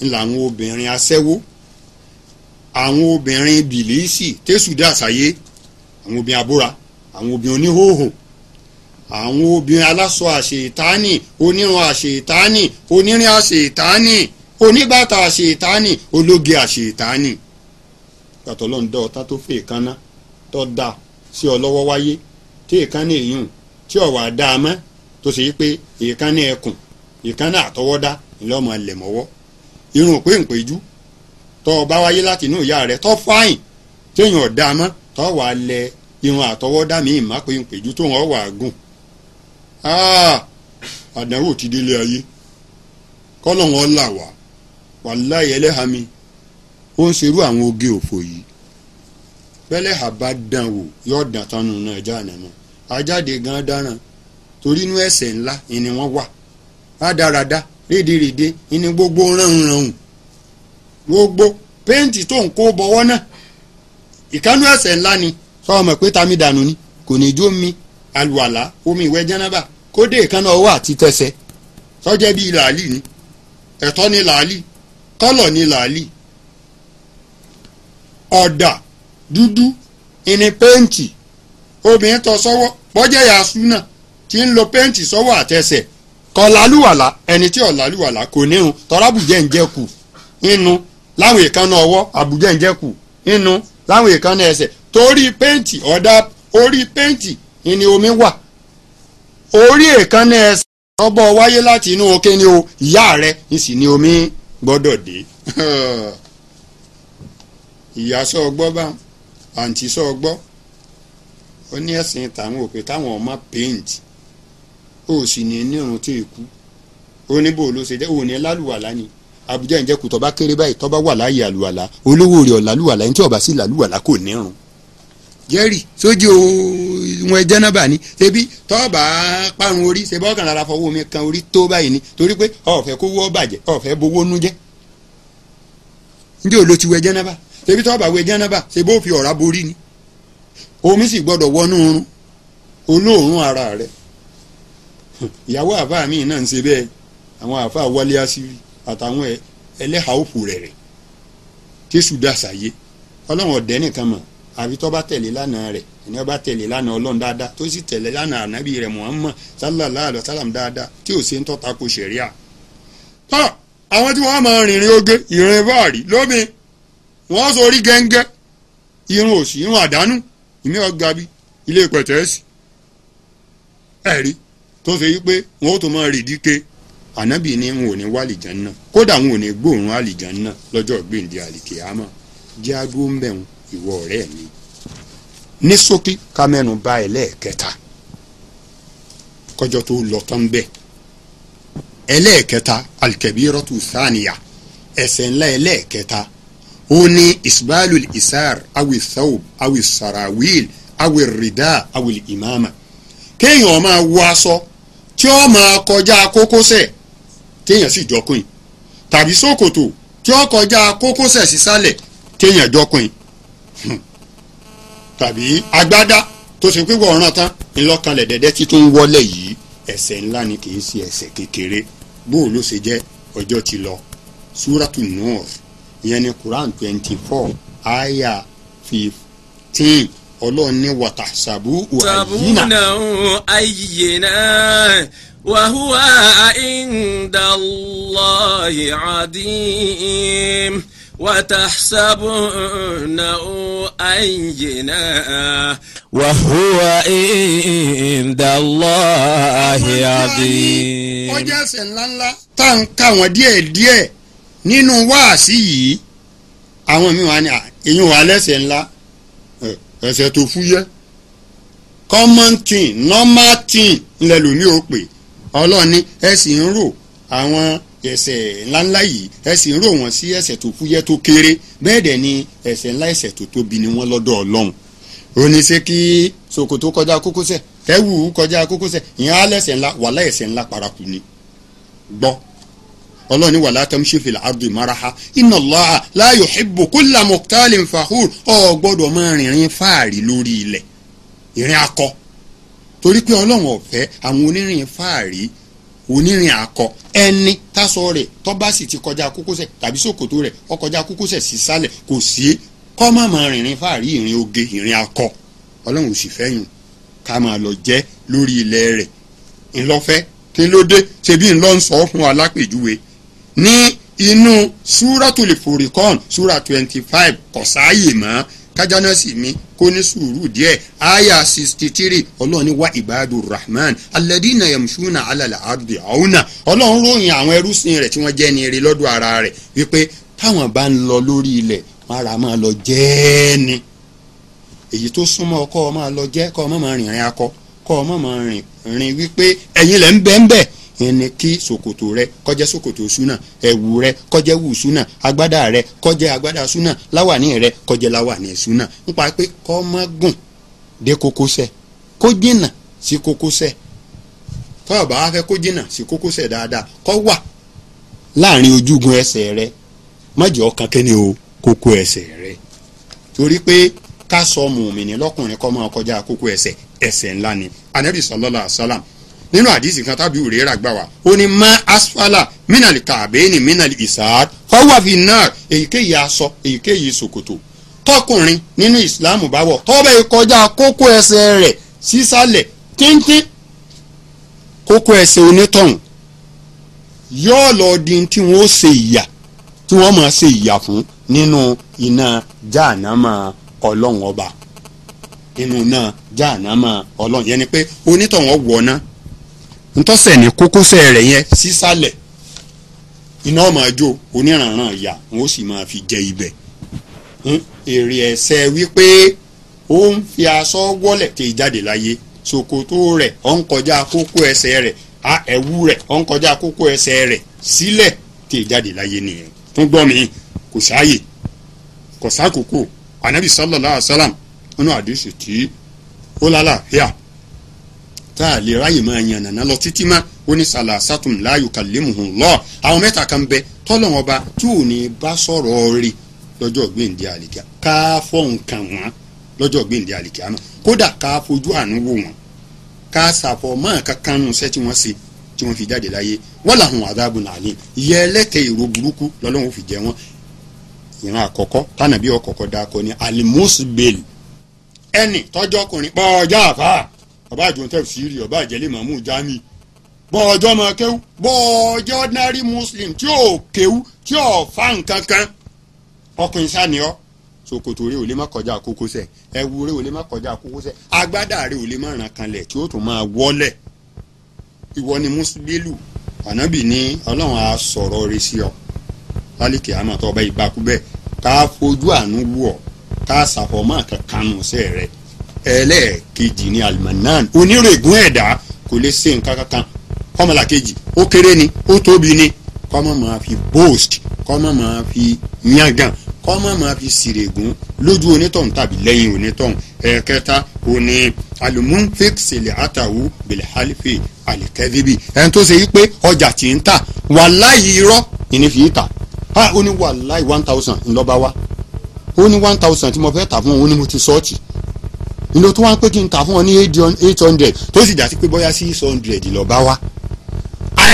Speaker 1: ń làwọn obìnrin aṣẹ́wó àwọn obìnrin bìlíìsì tẹ́sù dàsáyé àwọn obìnrin abúra àwọn obìnrin oníhòòhò àwọn obìnrin aláṣọ àṣetáni onírun àṣetáni onírin àṣetáni oníbàtà àṣetáni ológe àṣetáni gbàtọ́ ta dá ọ̀tá tó fẹ́ èkánná tó da sí ọ lọ́wọ́ wáyé tí èkánná èyùn tí ọ̀wà dá a mọ́ tó ṣe pé èkánná ẹkùn èkánná àtọwọ́dá ńlọ́mọ irun pé ńpéjú tọ́ ọ bá wáyé láti inú ìyá rẹ tọ́ fáyìn téèyàn ọ̀dá a mọ́ tọ́ wà lẹ irun àtọwọ́dá mi ìmá pé ńpéjú tó wọn wà gùn àdánwò ti délé ayé ó ń ṣerú àwọn oge òfò yìí pẹ́lẹ́ àbá dán wò yóò dán tánú náà jáde mọ́ ajáde gan dáràn torí inú ẹ̀ṣẹ̀ ńlá ìní wọ́n wà rádaràda rédèrèdè ìní gbogbo ránhùnránhùn gbogbo péǹtì tó ń kó bọ́wọ́ náà ìkánú ẹ̀ṣẹ̀ ńlá ni sọ́ọ̀mọ̀ pé tami dànù ni kò ní jó mi alùwàlà omi ìwẹ̀ jẹ́nẹ́bà kódé ìkánná ọwọ́ àti tẹsẹ̀ sọ́jẹ́ bíi làálì ni ẹ̀tọ́ ni làálì kọ́lọ̀ ni làálì ọ̀dà dúdú ìní péǹtì obìnrin tọ sọ́wọ́ bọ́jẹ̀yà súnà tí ń lo péǹtì sọ́wọ́ àtẹsẹ̀ kọlálùwàlà ẹni tí ọ̀làlùwàlà kò níhun tọ́rábùjẹ́ ń jẹ́kù inú láwọn èèkánná ọwọ́ àbùjẹ́ ń jẹ́kù inú láwọn èèkánná ẹsẹ̀ torí ọ̀dà orí ìní omi wà orí èèkánná ẹsẹ̀ ọgbọ́ wáyé láti inú ni ìyá rẹ̀ ń sì omi gbọ́dọ̀ dé. <laughs> ìyá sọ ọgbọ́ bá àǹtí sọ ọgbọ́ ó ní ẹ̀sìn tàwọn òpè táwọn ọmọ paint ó sì ní nírun tó èkú ó ní bò ṣe jẹ́ òun lálùwàlá ni àbújá ìjẹ́kù tọ́ba kéré báyìí tọ́ba wà láàyè àlùwàlá olówó rẹ̀ ọ̀làlùwàlá ẹni tí ọba sì làlùwàlá kò nírun jẹ́rì sójú wọn ẹjẹ́ náà bà ní ṣebí tọ́ọ̀bà parun orí ṣebí ọ̀kan lára fọwọ́ mi kan orí tó báyìí ni torí pé ọ̀fẹ́ kówó ọ̀bàjẹ́ ọ̀fẹ́ bowó nú jẹ́ njẹ́ ò ló ti ṣebí tó bá wẹ̀ jánábà ṣe bó fi ọ̀rá borí ni omi sì gbọ́dọ̀ wọnú oorun olóòórùn ara rẹ̀ ìyàwó àfa mi náà ń ṣe bẹ́ẹ̀ àwọn àfa wálé àṣírí àtàwọn ẹlẹ́hàá òfò rẹ̀ rẹ̀ tẹ́sù dàṣà yé ọlọ́run ọ̀dẹ́ nìkan mọ̀ àfi tó bá tẹ̀lé lánàá rẹ̀ ẹni ọba tẹ̀lé lánàá ọlọ́run dáadáa tó sì tẹ̀lé lánàá ànábì rẹ̀ Muhammad sallallahu alayhi wa sallam dáadáa tí ò ṣe ń tọ́ta kò ṣẹ̀ríà. tọ́ àwọn tí wọ́n máa rìnrìn oge ìrìn báàrí lómi wọ́n sọ orí gẹ́ngẹ́ irun òsì irun àdánù ìmí ọ̀gá bí ilé pẹ̀tẹ́sì ẹ̀rí tó ṣe wípé wọ́n ó tó máa rèdíke ànábì ni wọn ò ní wá àlìjàn náà kódà wọn ò ní gbóòórùn àlìjàn náà lọ́jọ́ gbèǹde àlìkèámọ̀ jẹ́ àdúró ń ìwọ ọ̀rẹ́ mi ní ṣókí ká mẹ́nu bà ẹlẹ́ẹ̀kẹta kọjọ tó lọ tán bẹ́ẹ̀ ẹlẹ́ẹ̀kẹta alikẹ́bí rọ́tù sáàníyà ẹ̀ṣẹ̀ ńlá ẹlẹ́ẹ̀kẹta òun ni isbalul isar awi thawb awi sarawil awi rida awi imama kéèyàn máa wọ aṣọ tí ó máa kọjá kókósẹ̀ kéèyàn sì jọkùn tàbí ṣòkòtò tí ó kọjá kókósẹ̀ sísàlẹ̀ kéèyàn jọkùn hmm. tàbí agbádá tó ṣe pípọ̀ ọ̀ràn tán ńlọ́kanlẹ̀ dẹ́dẹ́ tí tó ń wọlé yìí ẹ̀ṣẹ̀ ńlá ni kì í ṣe ẹ̀ṣẹ̀ kékeré o ló ṣe jẹ́ ọjọ́ ti lọ ìyẹn ni Quran twenty four aya fifteen ọlọ́run ní wàtàṣàbù àyínà.
Speaker 2: sàbùnà àyínà wàhùwà àìndàlọ́yì àdìm. وتحسبونه أينا وهو عند الله عظيم. ó jẹ́ ẹ̀ṣẹ̀ ńláńlá tá à ń
Speaker 1: kà wọ́n díẹ̀díẹ̀ nínú wáàsí yìí àwọn mi wà ní ẹ̀yìn wà lẹ́sẹ̀ ńlá ẹ̀sẹ̀ tó fúyẹ́ common thing normal thing ńlẹ̀ lómi ò pè ọlọ́ọ̀ni ẹ sì ń rò àwọn ẹ̀ṣẹ̀ ńláńlá yìí ẹ sì ń rò wọ́n sí ẹ̀ṣẹ̀ tó fúyẹ́ tó kéré bẹ́ẹ̀ dẹ̀ ni ẹ̀ṣẹ̀ ńlá ẹ̀ṣẹ̀ tó tóbi ni wọ́n lọ́dọ̀ ọlọ́run oníṣe kí ṣòkòtò kọjá kókósẹ̀ ẹ̀wù kọjá kókósẹ̀ ìyẹn alẹ́ṣẹ̀ ńlá wàhálà ẹ̀ṣẹ̀ ńlá paraku ni gbọ́ ọlọ́run ní wàlá tamshi fil ardi maraha inna Allaha la yuhibbu kulla muqtalin fakhur ọ gbọ́dọ̀ máa rìnrìn fáàrí lórí ilẹ̀ ìrìn akọ torí pé ọlọ́run ò fẹ́ àwọn onírìn fáàrí onírìn akọ ẹni tásọ rẹ̀ tó bá sì ti kọjá kókósẹ̀ tàbí ṣòkòtò rẹ̀ ó kọjá kókósẹ̀ sísàlẹ̀ kò sí kọ́ má máa rìnrìn fáàrí ìrìn oge ìrìn akọ ọlọ́run ò sì fẹ́ yùn ká máa lọ jẹ́ lórí ilẹ̀ rẹ̀ ńlọfẹ́ kí ló dé ṣebí ńlọ fún alápèjúwe ní inú súrátùlì fòríkọ́n súrà twenty five kọ̀sáàyè mọ́ kájánásì mi kó ní sùúrù díẹ̀ àyà sixty three ọlọ́run ní wá ìbádùn rahman alẹ́dínà yamṣúnà alàlà àdùdì àwùnà ọlọ́run ròyìn àwọn ẹrúsìn rẹ̀ tí wọ́n jẹ́ ní eré lọ́dọ̀ ara rẹ̀ wípé táwọn bá ń lọ lórí ilẹ̀ wọn ara máa lọ jẹ́ ni èyí tó súnmọ́ ọkọ máa lọ jẹ́ kọ́ ọ má máa rìnrìn akọ kọ́ ọ má máa rìnrìn wípé ẹ̀yin lẹ́ ń bẹ́ẹ̀ bẹ́ẹ̀ ẹni kí ṣòkòtò rẹ kọjẹ sokoto suna súnà rẹ kọjẹ jẹ́ wù súnà agbádá rẹ kọjẹ agbada suna súnà láwàní rẹ kọjẹ jẹ́ láwàní súnà nípa pé kó má gùn dé kókósẹ̀ kó jìnnà sí kókósẹ̀ tó o bá wá fẹ́ kó jìnnà sí kókósẹ̀ dáadáa kó wà láàrin ojúgun ẹsẹ̀ rẹ má jẹ́ ọkàn kẹ́ni o kókó ẹsẹ̀ rẹ torí pé ká sọ mùmìnì lọ́kùnrin kó máa kọjá kókó ẹsẹ̀ ẹsẹ̀ ńlá ni anabi sallallahu alaihi wasallam nínú àdìsí kan tábí òrèrà gbà wá ó ní má asfala mínàlì kàbéènì mínàlì ìsáàd fọwọ́ fi náà èyíkéyìí aṣọ èyíkéyìí ṣòkòtò tọkùnrin nínú ìsìláàmù bá wọ̀ tọ́bẹ̀ kọjá kókó ẹsẹ̀ rẹ̀ sísàlẹ̀ tíntín kókó ẹsẹ̀ onítọ̀hún yóò lọ di tí wọ́n ṣe ìyà tí wọ́n máa ṣe ìyà fún nínú iná jáànámà ọlọ́run ọba nínú iná jáànámà ọlọ́run yẹn ni pé onítọ̀hún ọ̀wọ́ náà ntọ́sẹ̀ ní kókósẹ̀ rẹ̀ yẹn sísàlẹ̀ iná máa jó oníranran ya wọn ó sì máa fi jẹ ibẹ̀ èrè ẹ̀sẹ̀ wípé ó ń fi aṣọ wọ́lẹ̀ tẹ̀ jáde láyé ṣòkòtò rẹ̀ ọ̀ ń kọjá kókó ẹsẹ̀ rẹ̀ a ẹ̀wù rẹ̀ ọ̀ ń kọjá kókó ẹsẹ̀ rẹ̀ sílẹ̀ tẹ̀ jáde láyé nìyẹn fún mi kò sáàyè kò anabi sallallahu alayhi wa sallam nínú àdéhùn tí ta lè ráyè máa yan nàná lọ títí má ó ní sàlà láàyò kàlémùhùn lọ àwọn mẹ́ta kan bẹ tọ́lọ́wọ́n bá tí ò ní bá sọ̀rọ̀ rí lọ́jọ́ gbèǹde àlìkíá ká fọ́hùn kàn wọ́n lọ́jọ́ gbèǹde àlìkíá náà kódà ká fojú àánú wò ká sàfọ̀ tí wọ́n ṣe tí wọ́n fi jáde láyé wọ́n làwọn àdáàbò ẹlẹ́tẹ̀ èrò burúkú ọba àjọ tafsiri ọba àjẹlẹ mọ̀mú jami bọ́ ọjọ́ máa kéwú bọ́ ọjọ́ ordinary muslim tí ò kéwú tí ò fa nǹkan kan ọkùnrin sani ọ́ ṣòkòtò rẹ ò lè má kọjá kókósẹ̀ ẹ̀wù rẹ ò lè má kọjá kókósẹ̀ agbádá rẹ ò lè má ràn kanlẹ̀ tí ó tún máa wọlẹ̀ ìwọ ni mùsùlùmí ànábì ní ọlọ́run á sọ̀rọ̀ rẹ sí ọ lálìkè àmọ́ tó ọba ìbákú bẹẹ ká fojú àánú wù ọ ká ṣàfọ̀mọ́ kankan nù sẹ́ẹ̀ ẹlẹ́ẹ̀kejì ni almanan onírègùn ẹ̀dá kò lè ṣe nǹkan kankan kọ́mọlá kejì ó kéré ni ó tóbi ni kọ́mọ máa fi boast kọ́mọ máa fi yangàn kọ́mọ máa fi sírègùn lójú onítọ̀hún tàbí lẹ́yìn onítọ̀hún ẹ̀ẹ̀kẹta òní alimunfik sèlè àtàwù bẹ̀lẹ̀ halife ẹni tó ṣe yí pé ọjà tí ń tà wàláyé irọ́ ìní fi tà á ó ní wàláyé one thousand ńlọ́ba wa ó ní one thousand tí mo fẹ́ tà fún òun ni mo ti sọ́ọ̀tì ìlò tó wá pé kí n kà fún ọ ní eight hundred tó sì já sí pé bóyá six hundred lọ bá wá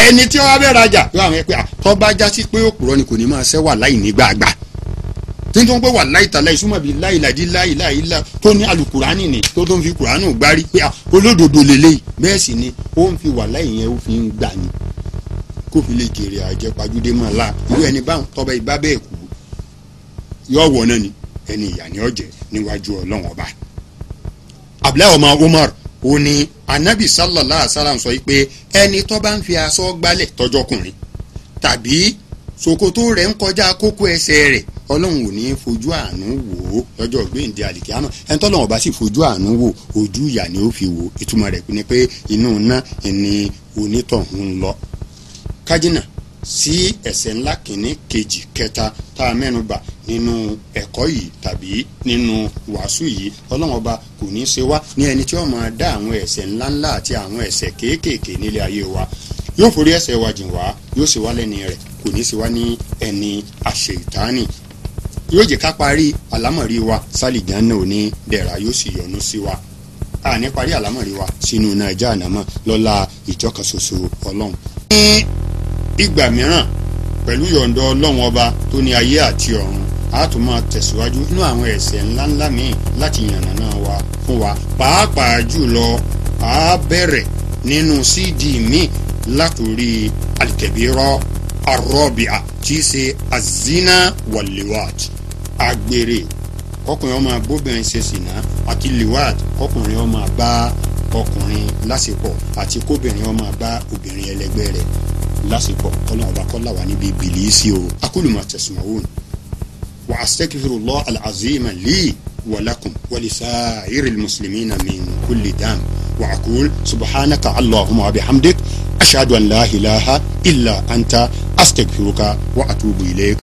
Speaker 1: ẹni tí wọn bẹ rajà yóò àwọn ẹgbẹ tó bá já sí pé òpùrọ́ ni kò ní máa ṣe wà láì ní gbàgbà tí tó ń pè wà láì tà súnmọ́ bíi láì làdí láì láì tó ní alukurani ni tó tó ń fi kuranu gbárí pé olódodo lélẹ́yìí bẹ́ẹ̀ sì ni ó ń fi wà láì yẹn ó fi ń gbà ni kó fi lè jèrè àjẹpajúdé máa la irú ẹni báwọn tọba ìbá bẹ́ẹ̀ kú yọ wọ náà ni ẹni ìyà ni ọ̀jẹ̀ níwájú ọlọ́wọ́n báyìí abdullahi ọmọ umar ó ní anabi sallallahu alayhi wa sallam sọ pé ẹni tó bá ń fi aṣọ gbálẹ̀ tọjọkùnrin tàbí ṣòkòtò rẹ̀ ń kọjá kókó ẹsẹ̀ rẹ̀ ọlọ́run ò ní fojú àánú wò ó lọ́jọ́ gbẹ̀ǹde àlìkíyàmọ̀ ẹni tọ́lọ́run bá sì fojú àánú wò ojú ìyà ni ó fi wò ìtumọ̀ rẹ̀ ni pé inú iná ni onítọ̀hún lọ kájínà sí ẹsẹ̀ ńlá kìíní kejì kẹta tá a mẹ́nubà nínú ẹ̀kọ́ yìí tàbí nínú wàásù yìí ọlọ́run ọba kò ní í ṣe wá ní ẹni tí wọ́n máa dá àwọn ẹ̀ṣẹ̀ ńláńlá àti àwọn ẹsẹ̀ kéékèèké nílé ayé wa yóò forí ẹ̀ṣẹ̀ wa jìn wá yóò ṣe wá lẹ́ni rẹ̀ kò ní í ṣe wá ní ẹni àṣeìtánì yóò jẹ́ ká parí àlámọ̀rí wa sálìgán náà ní dẹ̀ra yóò sì yọ́nú sí wa àní parí àlámọ̀rí wa sínú iná ẹja ànámọ́ ìgbà mìíràn pẹ̀lú yọ̀ǹda ọlọ́run ọba tó ní ayé àti ọ̀run a tún máa tẹ̀síwájú nínú àwọn ẹ̀sẹ̀ ńláńlá míì láti yànnàná wa fún wa pàápàá jùlọ a bẹ̀rẹ̀ nínú cd míì látòrí alikẹ̀bírọ̀ arọ́bìà tí í ṣe azina waliwat agbèrè kọkùnrin ọmọ abóbìnrin ṣe sìnà àti liwat kọkùnrin ọmọ bá ọkùnrin láṣepọ̀ àti kóbìnrin ọmọ bá obìnrin ẹlẹgbẹ́ rẹ̀ lásìkò kọ́lọ́n ọba kọ́lá wà níbi bìlísì o aqulu ma tasma'un wa astaghfirullah al-azim li wa lakum wa li sa'iril muslimina min kulli dam wa aqul subhanaka allahumma wa bihamdik ashhadu an la illa anta astaghfiruka wa atubu ilayk.